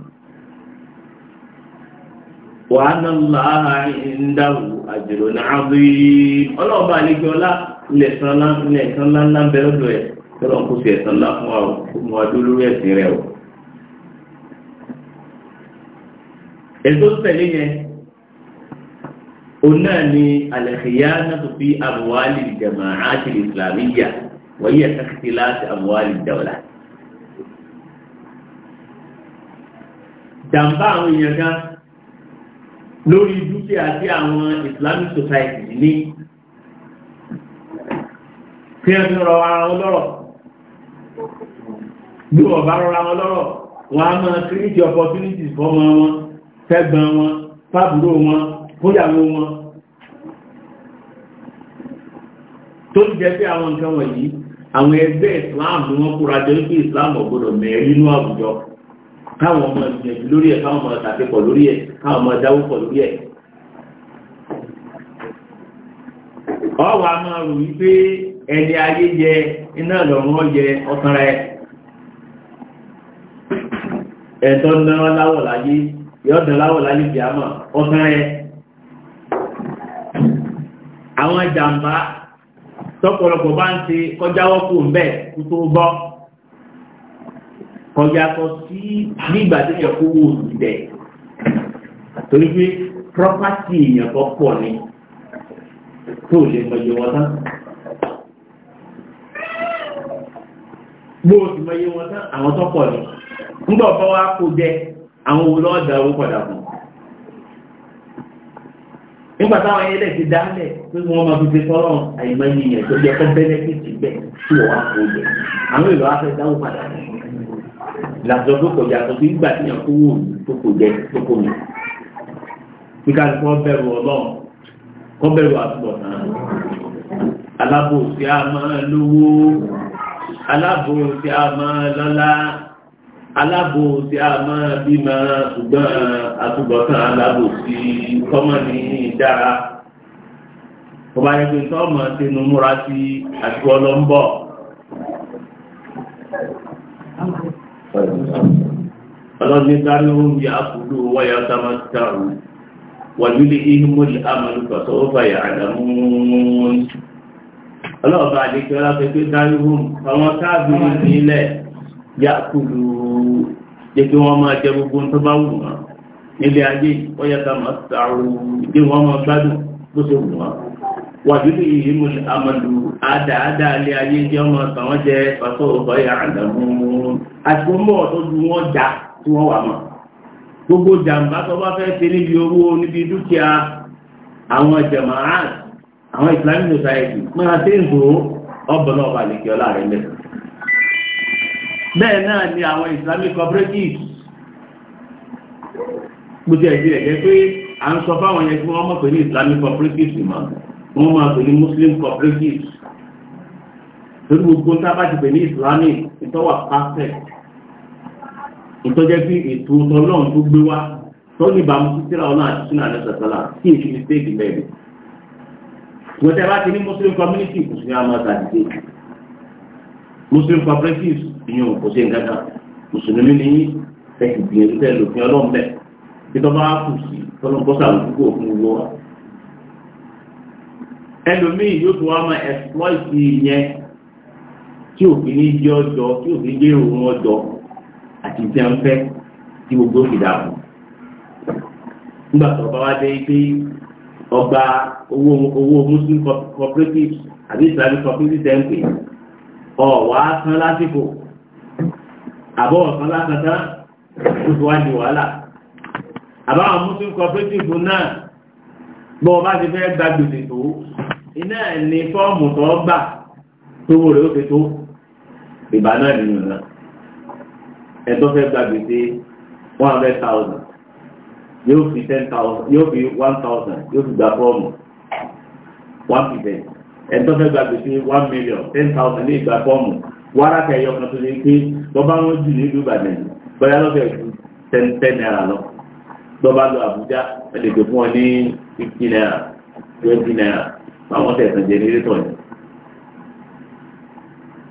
وأن الله ìndáwù àjùrò náà الله ọlọ́ọ̀bá àlejò ọlá ilẹ̀ ẹ̀sán ńláńlá bẹ̀rẹ̀ lọ ẹ̀ ما ń kó sí ẹ̀sán ńlá fún àwọn ọmọ ọdún lórí ẹ̀sìn rẹ̀ o. ètò tẹ̀lé yẹn òun ni àlẹ́kìyá náà tó fi àbúwálì ìjàmà àti ìsìlámíyà wọ́n yẹ kákìtì láti àbúwálì ìjàwọ̀lá. jàǹbá àwọn èèyàn lórí dúkìá tí àwọn Islamic society ní tí wọ́n fi rọ ara wọn lọ́rọ̀ bí wọ́n bá rọra wọn lọ́rọ̀ wọ́n á máa create opportunities fọ́mọ wọn fẹ́gbọ́n wọn fábúrò wọn fúyàwó wọn tó jẹ́ pé àwọn nǹkan wọ̀nyí àwọn ẹgbẹ́ Islam ni wọ́n kóra jọ pé Islam ò gbọ́dọ̀ mẹ́rin nínú àwùjọ káwọn ọmọ ìgbìyànjú lórí ẹ̀ káwọn ọmọ ìtàkẹ́kọ̀ lórí ẹ̀ káwọn ọmọ ìdáwọ́pọ̀ lórí ẹ̀. ọwọ́ a máa rò wípé ẹni ayé jẹ iná lọ́rùn ọ̀yẹ ọ̀tàn rẹ̀ ẹ̀tọ́ náà láwọ̀ láyé yọ̀ọ̀dọ̀ láwọ̀ láyé bíi àmọ̀ ọ̀tàn rẹ̀ àwọn jàǹbá tọ́pọ̀lọpọ̀ bá ń ṣe kọjáwọ́ kù ń bẹ̀ kú tó bọ́. kọjá sí nígbà tó yẹ kó wò sí torí pé property èèyàn kan pọ̀ ni tó lè mọ̀yẹ wọn tán bó o wọn tán àwọn tó pọ̀ ni nígbà kó jẹ àwọn owó lọ́ọ̀dà owó padà fún nígbà táwọn ti dálẹ̀ pé máa fi ṣe yẹn làtọ̀ tó kọjá tó fi gbà tí yàn kówó tó kò jẹ tó kò mọ̀ bí ká kọ́ bẹ̀rù ọlọ́run kọ́ bẹ̀rù àtúbọ̀tán alábòsí a máa lówó alábòsí a máa lọ́lá alábòsí a máa bímọ ṣùgbọ́n àtúbọ̀tán alábòsí kọ́mọ ní dára ọba yẹ pé tọ́ọ̀mọ̀ sínú múra sí àti ọlọ́mbọ̀ ọlọ́ni sáré oúnjẹ àkùdù wáyà sámátàrù wàjúlé ihimoli amadu pàtó fàyà àdàmúnmún ọlọ́ọ̀bá àdékẹ́ ọlọ́pẹ́pẹ́ sáré oún àwọn káàbìrì nílẹ̀ yà kùdù jẹ́ kí wọ́n máa jẹ gbogbo tó bá wù wọn nílé ayé wáyà sámátàrù jẹ́ wọ́n máa gbádùn bó ṣe wù wọn wàdúgbò yìí mú amadu àdáadáa lé ayé jẹ́ ọmọ kan wọ́n jẹ́ pàtó ọ̀gọ́ yà àdàmú àti wọ́n mọ̀ tó ju wọ́n jà tí wọ́n wà mọ̀ gbogbo jàǹbá tó bá fẹ́ ṣe níbi owó níbi dúkìá àwọn ìjẹ̀mọ̀ àrùn àwọn islamic society máa ṣe ń zòó ọbọ̀ náà balẹ̀ kí ọlá rẹ̀ lẹ̀ bẹ́ẹ̀ náà ni àwọn islamic cooperatives gbogbo ẹ̀jẹ̀ ẹ̀jẹ̀ pé à ń sọ fáwọn yẹn kí wọ́n mọ̀ pé ní islamic cooperatives mọ̀ wọ́n máa pè ní muslim cooperatives torí gbogbo tá a bá ti pè ní islamic ìtọ́wà perfect ìtọ́jẹ́ bí ètò ọlọ́run tó gbé wá tọ́jú ìbámu títí ọlọ́run àti sínú àlẹ́ sọ̀tọ́lá tí èsì mistake bẹ́ẹ̀ wọ́n tẹ́ bá ti ní muslim community kò sí àmọ́ sàdìdé muslim cooperatives ìyẹn kò sí nǹkan kan mùsùlùmí ní ẹ̀sìn gbìyànjú tẹ́ lòfin ọlọ́run bẹ́ẹ̀ títọ́ bá kù sí tọ́lọ́ ẹlòmíì yóò tún wá máa exploit ìyẹn tí òfin ní jẹ́ ọjọ́ tí òfin jẹ́ òun ọjọ́ àti tí a ń fẹ́ tí gbogbo fi dàbò nígbà tó bá wá dé pé ọgbà owó owó muslim cooperative àbí islamic cooperative temple ọ̀wá san lásìkò àbọ̀ ọ̀sán lásán tán ó ti wá di wàhálà àbáwọn muslim cooperative náà bọ́ bá ti fẹ́ gba gbèsè tó iná ẹ̀ ní fọ́ọ̀mù tó gbà tó wò rẹ̀ ó fi tó ìbá náà nínú náà ẹ̀ tó fẹ́ gba gbèsè one hundred thousand yóò fi ten thousand yóò fi one thousand yóò fi gba fọ́ọ̀mù one percent ẹ̀ tó fẹ́ gba gbèsè one million ten thousand ní ìgbà fọ́ọ̀mù wàrà kẹyọ kan tó lè pé bọ́ bá wọn jù nílùú Ìbàdàn bọ́yá lọ́fẹ̀ẹ́ ju ten naira lọ lọ́ba lọ abuja wọ́n lè gbé fún ọ ní fifty naira twenty naira àwọn tẹ̀sán jẹnẹrétọ̀ ni.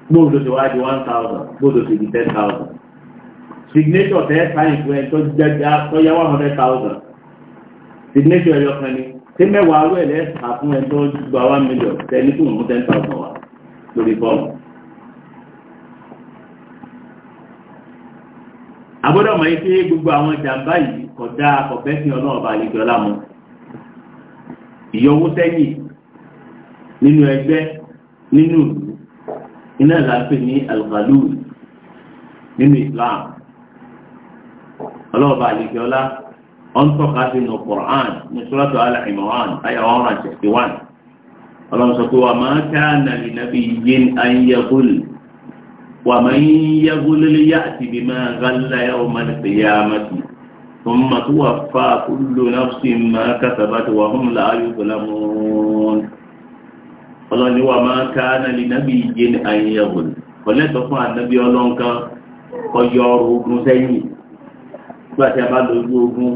gbóòdò ti wá di one thousand gbóòdò ti ten thousand signature tẹ́ sáyìn fún ẹ tó jẹjẹ tọ́yá one hundred thousand signature ẹ̀yọ kan ni tí mẹ́wàá rú ẹ̀ lẹ́sà fún ẹ tó gba one million tẹ́ ní fún òun ten thousand wa lórí fọ́ọ̀mù. àbọ́dọ̀ mọ̀ pé gbogbo àwọn jàǹbá yìí kò dáa kò bẹ́ sí ọlọ́ọ̀bà àlejò ọlá mu ìyọwó sẹ́yìn nínú ẹgbẹ́ nínú iná ìlànà ní alùpàlù nínú Islam ọlọ́ọ̀bà àlejò ọlá ọ̀n tọ́ka sí nù Qur'an ní suratu al ayé one hundred and sixty one ọlọ́run sọ pé wà máa nàbí yín ayé yẹ kúlù. ومن يغلل يأتي بما غل يوم القيامة ثم توفى كل نفس ما كسبت وهم لا يظلمون ọlọ́run ni wà máa ká náàlì náàbì yé ní àyẹ̀wò ọ̀lẹ́tọ̀ fún ànábì ọlọ́run kan ọyọ ọrọ̀ ogun sẹ́yìn nígbà tí a bá lọ ojú ogun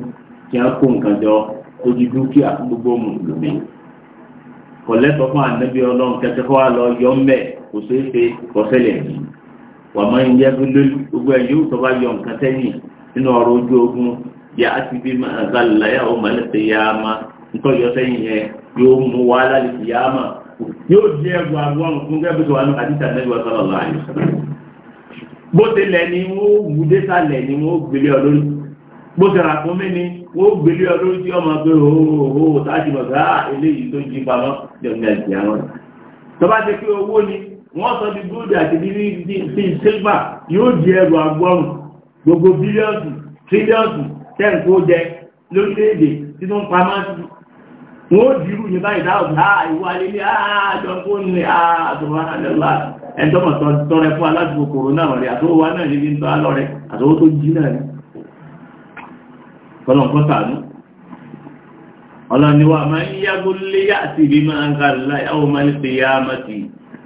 tí a kó nǹkan jọ tó di dúkìá gbogbo mùsùlùmí ọ̀lẹ́tọ̀ fún ànábì ọlọ́run kẹtẹ́kọ́ wa lọ yọ mẹ́ kò ṣeé ṣe kọ́sẹ́lẹ̀ yìí wàmọ́ ìyá lórí gbogbo ẹ̀ yóò tọ́ bá yọ nǹkan tẹ́yìn nínú ọ̀rọ̀ ojú ogun yà á ti bí àgbàláyà ó máa lẹ́sẹ̀ yá a ma nǹkan yọ sẹ́yìn yẹn yóò mú wa lálẹ́ sí yá a ma yóò di ẹgbẹ́ agbọ́n fún gẹ́gẹ́ bí wà ní àdìsá náà ni ni ti wọ́n sọ di góòdì àti bí sílvà yóò di ẹrù agbọ́rùn gbogbo bílíọ̀nù tírílíọ̀nù tẹ́ǹkó jẹ lórílẹ̀-èdè tí tó ń pa máa sí wọ́n dìrú ní báyìí dáhùn ah, àà ìwà lílé ààjọ fún ní ààtùmọ̀ àlẹ́lá ẹ̀ntọ́mọ̀ tọrẹ fún aládùúgbò Corona, rẹ̀ àtọwọ́ wa náà níbi ń tọ́ alọ́rẹ̀ àtọwọ́ tó jí náà rẹ̀ kọlọ̀kọ́ sàánú ọlọ́niwà máa ń yágúnlé yá àti ìbí máa ń kàrìlá yáwó máa ń ṣe yá máa ti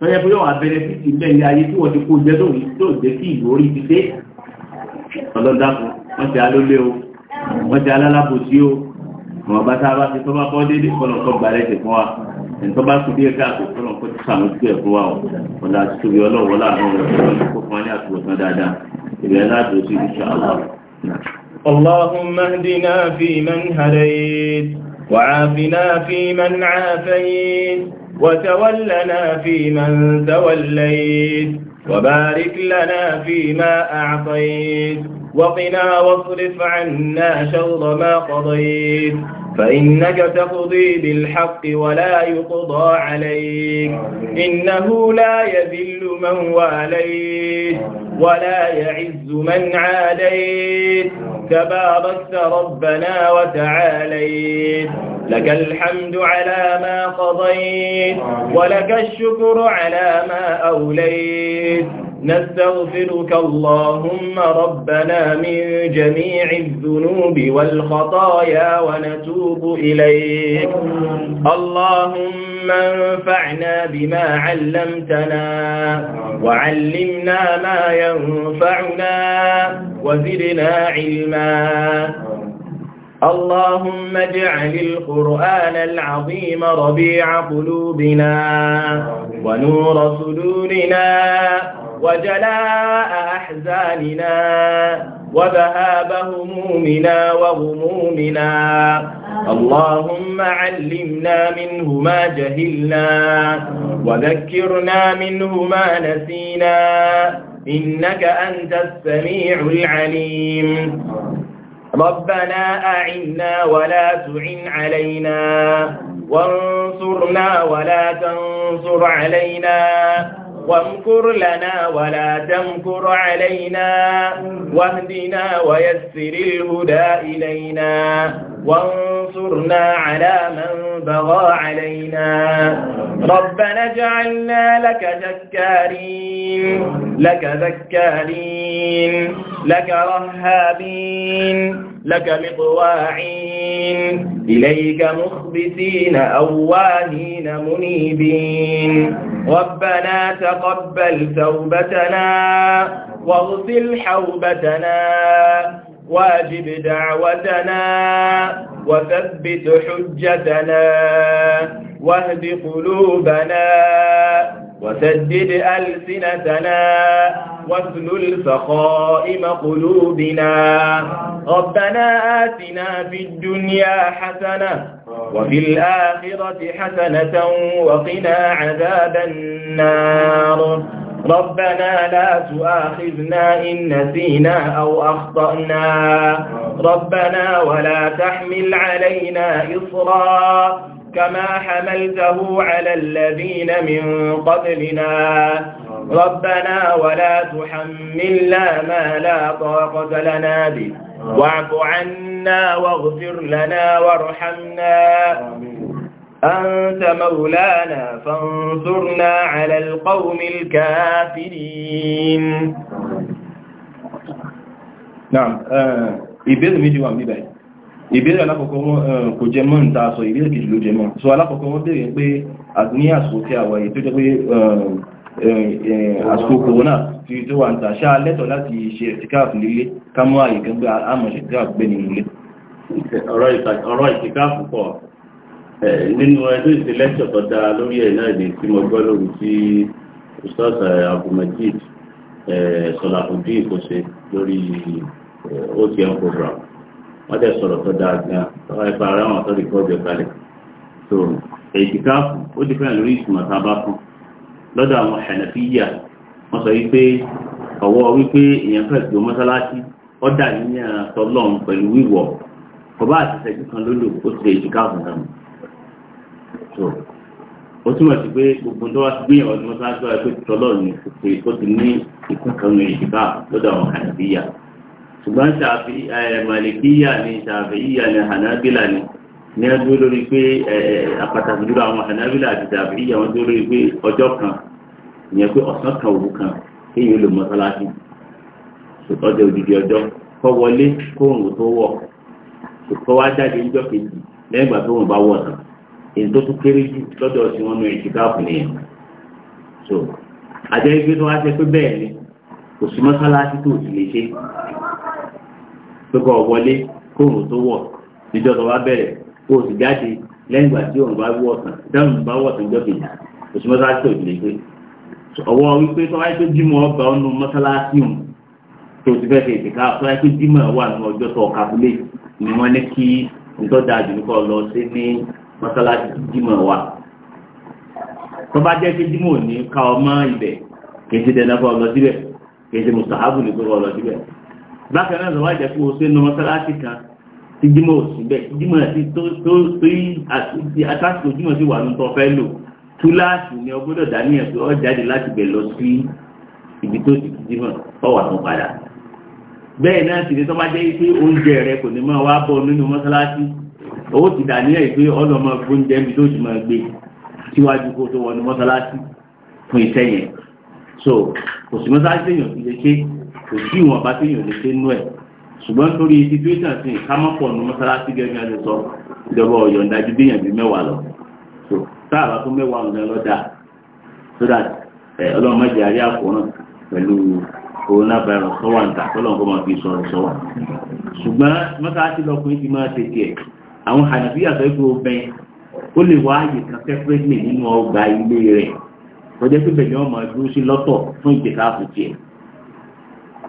tọ́jẹ́ pé yóò wà bẹ́nẹ́fìtì lẹ́yìn ayé tí wọ́n ti kó jẹ́ lórí tó jẹ́ kí ìlú orí ti dé ọlọ́dàkùn wọ́n ti alólé o wọ́n ti alálàbòsí o àwọn bá sábà ti tọ́ bá bọ́ dédé kọ́lọ̀kọ́ gba ẹ̀jẹ̀ fún wa ẹ̀ntọ́ bá kú díẹ̀ káàkó kọ́lọ̀kọ́ ti sàmójútó ẹ̀ fún wa o اللهم اهدنا فيمن هديت وعافنا فيمن عافيت وتولنا فيمن توليت وبارك لنا فيما أعطيت وقنا واصرف عنا شر ما قضيت فإنك تقضي بالحق ولا يقضى عليك إنه لا يذل من واليت ولا يعز من عاديت تباركت ربنا وتعاليت لك الحمد على ما قضيت ولك الشكر على ما أوليت نستغفرك اللهم ربنا من جميع الذنوب والخطايا ونتوب إليك اللهم انفعنا بما علمتنا وعلمنا ما ينفعنا وزدنا علما اللهم اجعل القرآن العظيم ربيع قلوبنا ونور صدورنا وجلاء أحزاننا وذهاب همومنا وغمومنا اللهم علمنا منه ما جهلنا وذكرنا منه ما نسينا إنك أنت السميع العليم ربنا أعنا ولا تعن علينا وانصرنا ولا تنصر علينا وامكر لنا ولا تمكر علينا واهدنا ويسر الهدى إلينا وانصرنا على من بغى علينا ربنا اجعلنا لك ذكارين لك ذكارين لك رهابين لك مطواعين إليك مخبتين أواهين منيبين ربنا تقبل توبتنا واغسل حوبتنا واجب دعوتنا وثبت حجتنا واهد قلوبنا وسدد ألسنتنا واسلل فخائم قلوبنا ربنا آتنا في الدنيا حسنة وفي الآخرة حسنة وقنا عذاب النار ربنا لا تؤاخذنا إن نسينا أو أخطأنا ربنا ولا تحمل علينا إصرا كما حملته على الذين من قبلنا ربنا ولا تحملنا ما لا طاقة لنا به واعف عنا واغفر لنا وارحمنا أنت مولانا فانصرنا على القوم الكافرين نعم ìbéèrè méjì wà níbà ìbéèrè alákọ̀ọ́kọ́ wọn kò jẹ mọ́ ìta sọ ìbéèrè kejì ló jẹ mọ́ so alákọ̀ọ́kọ́ wọn béèrè pé ní àsìkò tí a wà yìí tó jẹ́ pé àsìkò náà tí tó wà ń ta ṣáà lẹ́tọ̀ láti ṣe ẹ̀tíkáàfù nílé kámọ́ àyè kẹgbẹ́ àmọ̀ṣẹ̀ tíkáàfù gbé nínú ilé. ọ̀rọ̀ ìtíkáàfù pọ̀ nínú ẹjọ́ ìtẹ́lẹ́sọ̀ tó dáa lórí ẹ̀ náà ní tí mo gbọ́ lórí tí ustaz abdulmajid sọlàfùdí kò ṣe lórí otm program wọ́n dẹ̀ sọ̀rọ̀ tó dáa gan wọ́n ẹ̀fà ara wọn tó rí kọ́ọ̀dù ẹ̀kalẹ̀ so èyí káàpù ó ti fẹ́ràn lọ́dọ̀ àwọn Hanafiya wọ́n sọ wípé ọwọ́ wípé èèyàn fẹ́ gbọ́ mọ́sálásí ó dà níyàn tọ́lọ́run pẹ̀lú wíwọ̀ ọba àtìsẹ́jú kan lólò ó ti lè jìká fún náà ó túmọ̀ sí pé gbogbo tó wá ti gbé ìwọ̀n tí wọ́n sáájú ẹ̀ pé tọ́lọ́run ni ó ti ní ìkún kan ní ìjìká lọ́dọ̀ àwọn Hanafiya ṣùgbọ́n Ṣàfi Màlìkíyà ni Ṣàfi'íyà ni ni ní ẹ dúró lórí pé àpàtàkì jùlọ àwọn ànábìlà àti tàbí ìyá wọn dúró lórí pé ọjọ́ kan ìyẹn pé ọ̀sán kan òwú kan kéèyàn lò mọ́sálásí ọjọ́ òdìdí ọjọ́ kọ́ wọlé kóòrùn tó wọ̀ kọ́ wá jáde níjọ́ kejì lẹ́yìn ìgbà tó wọ́n bá wọ̀ tán èyí tó tún kéré jù lọ́dọ̀ tí wọ́n nu èyí káàpù nìyẹn so àjẹ́ ibi tó wá jẹ́ pé bẹ́ẹ̀ ni kò sí mọ́sálásí tó sì lè ṣe pé kọ́ wọlé kóòrùn tó wọ̀ níjọ́ tó wá bẹ̀rẹ̀ kó o jáde lẹ́yìn tí òun bá wú ọ̀sán dáhùn bá wú ọ̀sán jọ́ kejì oṣù mọ́sálásí ò lè gbé ọwọ́ wípé tọ́wá yìí tó jímọ̀ ọgbà ọ̀nù mọ́sálásí òun tó ti fẹ́ ṣe ìtìká tọ́wá yìí tó jímọ̀ wà ní ọjọ́ tó ni wọ́n ní kí nítọ́jà àdùnkọ́ lọ sí ní mọ́sálásí jímọ̀ wa tọ́ba jẹ́ pé jímọ̀ ní ká ọmọ ibẹ̀ tí jímọ̀ ò síbẹ̀ jímọ̀ sí tó tó sí àtàkì jímọ̀ sí wà ní tó fẹ́ lò túláàsì ni ọgbọ́dọ̀ dání ẹ̀ pé ọ jáde láti bẹ̀ lọ sí ibi tó ti kí jímọ̀ ọ wà tún padà bẹ́ẹ̀ náà sì ni tó bá jẹ́ pé oúnjẹ rẹ kò ní máa wá bọ̀ nínú mọ́sálásí owó ti dání ẹ̀ pé ọ lọ máa gbóúnjẹ ibi tó ti máa gbé síwájú kó tó wọnú mọ́sálásí fún iṣẹ́ yẹn so kò sí mọ́sálásí èèyàn ti lè ṣe kò sí ìwọ̀nba tí èèyàn lè ṣe nú ẹ̀ ṣùgbọ́n torí situation sí kámọ́pọ̀ mọ́sálásí gẹ́gẹ́ bí sọ ìjọba ọ̀yọ́ ńdájú bí mẹ́wàá lọ so táàbà tó mẹ́wàá ọ̀nà lọ́dà so that ọlọ́mọdé àrí àkóràn pẹ̀lú coronavirus sọ́wà ń tà tọ́lọ̀ máa fi sọ̀rọ̀ sọ́wà ṣùgbọ́n mọ́sálásí lọkùnrin ti máa tètè ẹ̀ àwọn obìnrin ó lè wá kan separately nínú ọgbà ilé rẹ̀ bẹ̀rẹ̀ ọmọ ẹgbẹ́ lọ́tọ̀ fún àfùjẹ́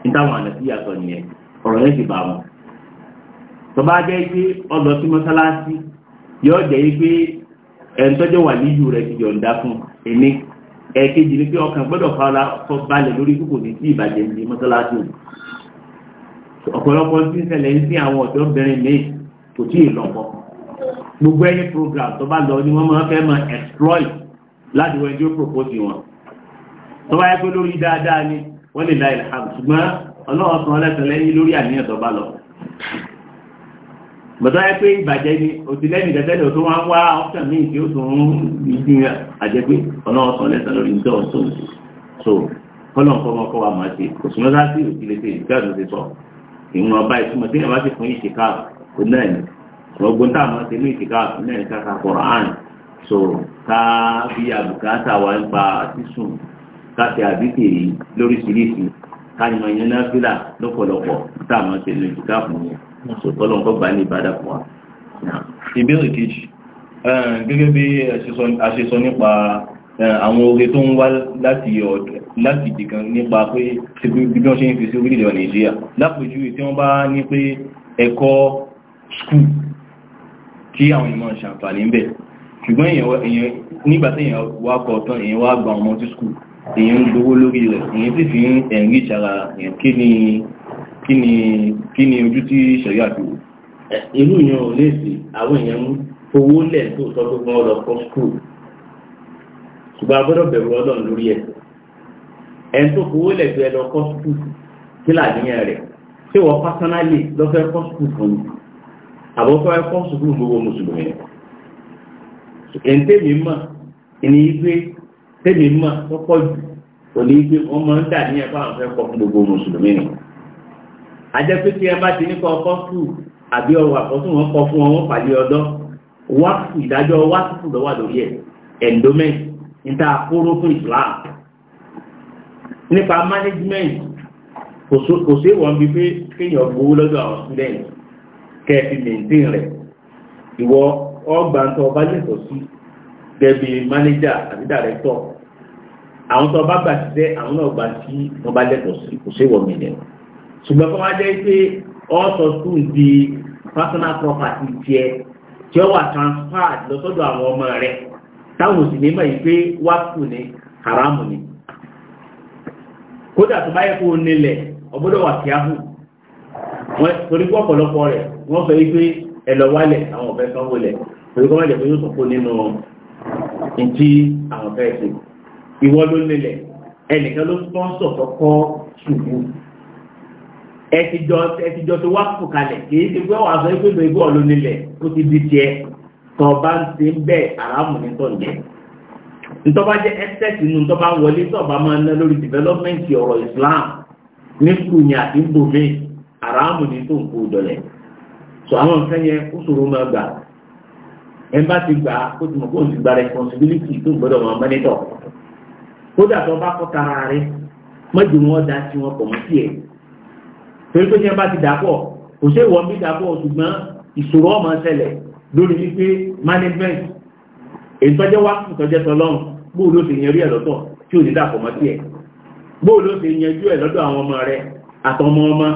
nítawọn sọ nìyẹn ọ̀rọ̀ yẹn sì bà wọn tó bá jẹ́ pé ọlọ sí mọ́sálásí yóò jẹ́ pé ẹni tọ́jọ́ wà níyù rẹ̀ ti yọ̀ǹda fún ẹni ẹ̀ẹ̀kejì ni pé ọkàn gbọ́dọ̀ fara fọ balẹ̀ lórí kókò ní sí ìbàjẹ́ ní mọ́sálásí ọ̀pọ̀lọpọ̀ sí ń ṣẹlẹ̀ ń sí àwọn ọ̀dọ́bìnrin míì kò tí ì lọ́pọ̀ gbogbo ẹni program tó bá lọ ni wọ́n máa fẹ́ mọ exploit láti wọ́n ẹni tí ó propose wọn tó bá yẹ pé lórí dáadáa ni wọ́n lè la ìlànà ṣùgbọ́n ọlọ́wọ́ san ọlẹ́sẹ̀ lẹ́yìn lórí àníyàn tó bá lọ. bàtà yẹ pé ìbàjẹ́ ni òtílẹ́yìn tẹ́tẹ́lẹ̀ tó wá ń wá ọ́pṣà míì tí ó tún ń dín àjẹpé ọlọ́wọ́ san ọlẹ́sẹ̀ lórí níjọ́ ọ̀tún so kọ́lọ̀ nǹkan ọmọkọ́ wa máa ṣe kò súnmọ́ sá sí òtílẹ̀ tẹ̀ ìgbà tó ti sọ ìwọ̀n ọba ìtumọ̀ tí ìyàwó ti fún ìṣìkà kò náà ni ọgbọ́n tá a máa ṣe ní ìṣìkà náà ni káka Kùránì so ká bí àbùkátà wa ń pa sísun ká ṣe àbíkè lóríṣiríṣi káyọ̀ yẹn náà fílà lọ́pọ̀lọpọ̀ tá a máa ṣe lè jù káàkùn yẹn sọ̀tọ́ lọ́n kọ́ gbà ní ìbádà fún wa. ìbéèrè kejì gẹ́gẹ́ bí a ṣe sọ nípa àwọn oore tó ń wá láti dìkan nípa pé bí wọ́n ṣe ń fi sí orílẹ̀ èdè Nàìjíríà lápòjúwe tí wọ́n bá ní pé ẹ̀kọ́ skul kí àwọn èèyàn ṣàǹfààní ń ṣùgbọ́n èèyàn èèyàn wá kọ̀ èèyàn wá gba ọmọ tí skul èyí ń gbowó lórí rẹ̀ èyí sì fi ń ẹ̀rí ìṣara èyàn kí ni kí ni kí ni ojú tí ìṣẹ̀rí àfiwò. irú ìyẹn ò lè sí àwọn èèyàn ń fowó lẹ̀ tó sọ pé wọ́n lọ fọ́ skul ṣùgbọ́n a gbọ́dọ̀ bẹ̀rù ọlọ́run lórí ẹ̀ ẹ̀ tó fowó lẹ̀ tó ẹ lọ kọ́ skul kí làníyàn rẹ̀ ṣé wọ́n pásánálì lọ́fẹ́ kọ́ skul fún àbọ̀fẹ́ kọ́ skul gbogbo mùsùlùmí ẹ̀ ń tẹ̀mí mọ̀ ní pé tẹ́mi mọ́ tó pọ̀ jù kò ní pé wọ́n máa ń dà ní ẹ̀fọ́ àwọn fẹ́ kọ́ fún gbogbo mùsùlùmí nù. àjẹ́ pé tí ẹ bá ti ní kọ́ ọkọ́ fún àbí ọwọ́ àkọ́tún wọn kọ́ fún wọn wọ́n pàdé ọdọ́ wákùú ìdájọ́ wákùú lọ́wọ́ lórí ẹ̀ endowment níta kóró fún Islam nípa management kò sí ìwọ̀n bí pé kéèyàn gbowó lọ́dọ̀ àwọn student kẹ́ẹ̀fì maintain rẹ̀ ìwọ ọgbà ń tọ́ ọba lẹ́tọ̀ọ́ sí gẹ́gẹ́ bí manager àti director àwọn tó bá gbà síṣẹ́ àwọn náà gbà tí wọ́n bá lẹ́tọ̀ọ́ sí kò sí wọ̀mí lẹ̀ ṣùgbọ́n kó wáá jẹ́ pé ọ̀sọ̀ school di personal property tiẹ̀ tí ó wà transferred lọ́sọ́dọ̀ àwọn ọmọ rẹ̀ táwọn sì ní mọ̀ yìí pé wá school ni haramu ni kódà tó bá yẹ kó o nílẹ̀ ọgbọ́dọ̀ wà kí á hù torí pé ọ̀pọ̀lọpọ̀ rẹ̀ wọ́n sọ wípé ẹ lọ wálẹ̀ àwọn ọ̀fẹ́ sanwó lẹ̀ torí kọ́ wálẹ̀ pé yóò sọ ìwọ ló lélẹ̀ ẹnìkan ló sponsor tó kọ́ ṣùgbù ẹtìjọ tó wá fò kalẹ̀ kìí ṣe pé wàá sọ pé ìgbà ìgbà ló lélẹ̀ ó ti di tiẹ̀ tó bá ń ṣe ń bẹ́ àràmù ní tọ̀ jẹ́ ntọ́ba jẹ́ excess inú ntọ́ba wọlé tọ́ba máa ń ná lórí development ọ̀rọ̀ Islam ní skul ní àti gbòmí àràmù ní tó ń kó dọ̀lẹ̀ so àwọn nǹkan yẹn ó ṣòro máa gbà ẹ bá ti gbà ó ti mọ̀ kó o ti gba responsibility tó gbọ́dọ̀ máa mẹ́nítọ̀ kódà tó bá kọ́ tara rẹ̀ mọ́jú wọn da sí wọn pọ̀ mọ́ sí ẹ̀ torí pé tí wọ́n bá ti dàpọ̀ kò sí ìwọ̀n bí dàpọ̀ ṣùgbọ́n ìṣòro ọmọ ṣẹlẹ̀ lórí wípé management ìtọ́jẹ́ wá ìtọ́jẹ́ tọlọ́run bóòlù ó sì yẹn rí ẹ̀ lọ́tọ̀ tí ò ní dàpọ̀ mọ́ sí ẹ̀ bóòlù ó sì yẹnjú ẹ̀ lọ́dọ̀ àwọn ọmọ rẹ̀ àtọmọ ọmọ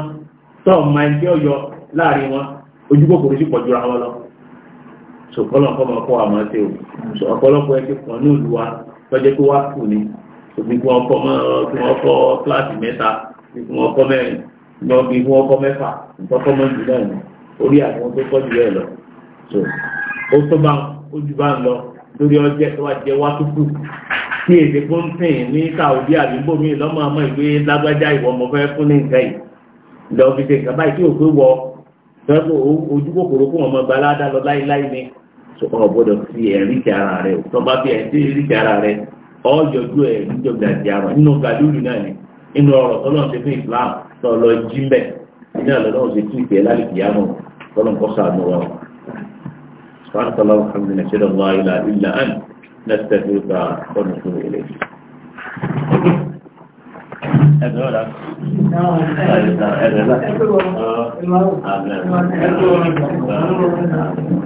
tọ́ ọmọ ẹgbẹ́ ọyọ láàrin wọn ojúkòkòrò sí pọ̀jù àwọn lọ ṣòkọ́lọ́kọ́ mọ̀ kọ́ àmọ́ sí o ọ̀pọ̀lọpọ̀ ẹgbẹ́ kan ní òlùwa tọ́jẹ́ tó òbí fún ọkọ fún ọkọ kíláàsì mẹ́ta bí fún ọkọ mẹ́rin lọ bí fún ọkọ mẹ́fà ìtọ́kọ́ mọ́jú náà ni orí àwọn tó kọ́ so ó tó bá ó jù bá ń lọ lórí ọjẹ́ tó wá jẹ́ wá tó kù tí èdè kó ń tẹ̀ ní sàwùdí àdúgbò mi lọ́mọ àmọ́ ìwé lágbájá ìwọ ọmọ fẹ́ fún ní nǹkan yìí lọ fi ṣe nǹkan báyìí tí ò pé wọ fẹ́fọ́ ni so ọ̀bọ̀dọ̀ fi ẹ̀rí ti ara rẹ̀ tó bá fi ọ̀yọ̀jú ẹ̀ níjọba àti àrùn nínú gàdúrù náà ni nínú ọ̀rọ̀ tọ́lọ́run ṣe fún Islam tọ́lọ́ jí mbẹ́ ní àlọ́lọ́run ṣe tún ìpè lálùkì yá náà tọ́lọ́run kọ́ sàánú wa. سبحانك اللهم وبحمدك نشهد ان لا اله الا انت نستغفرك ونتوب اليك هذا هذا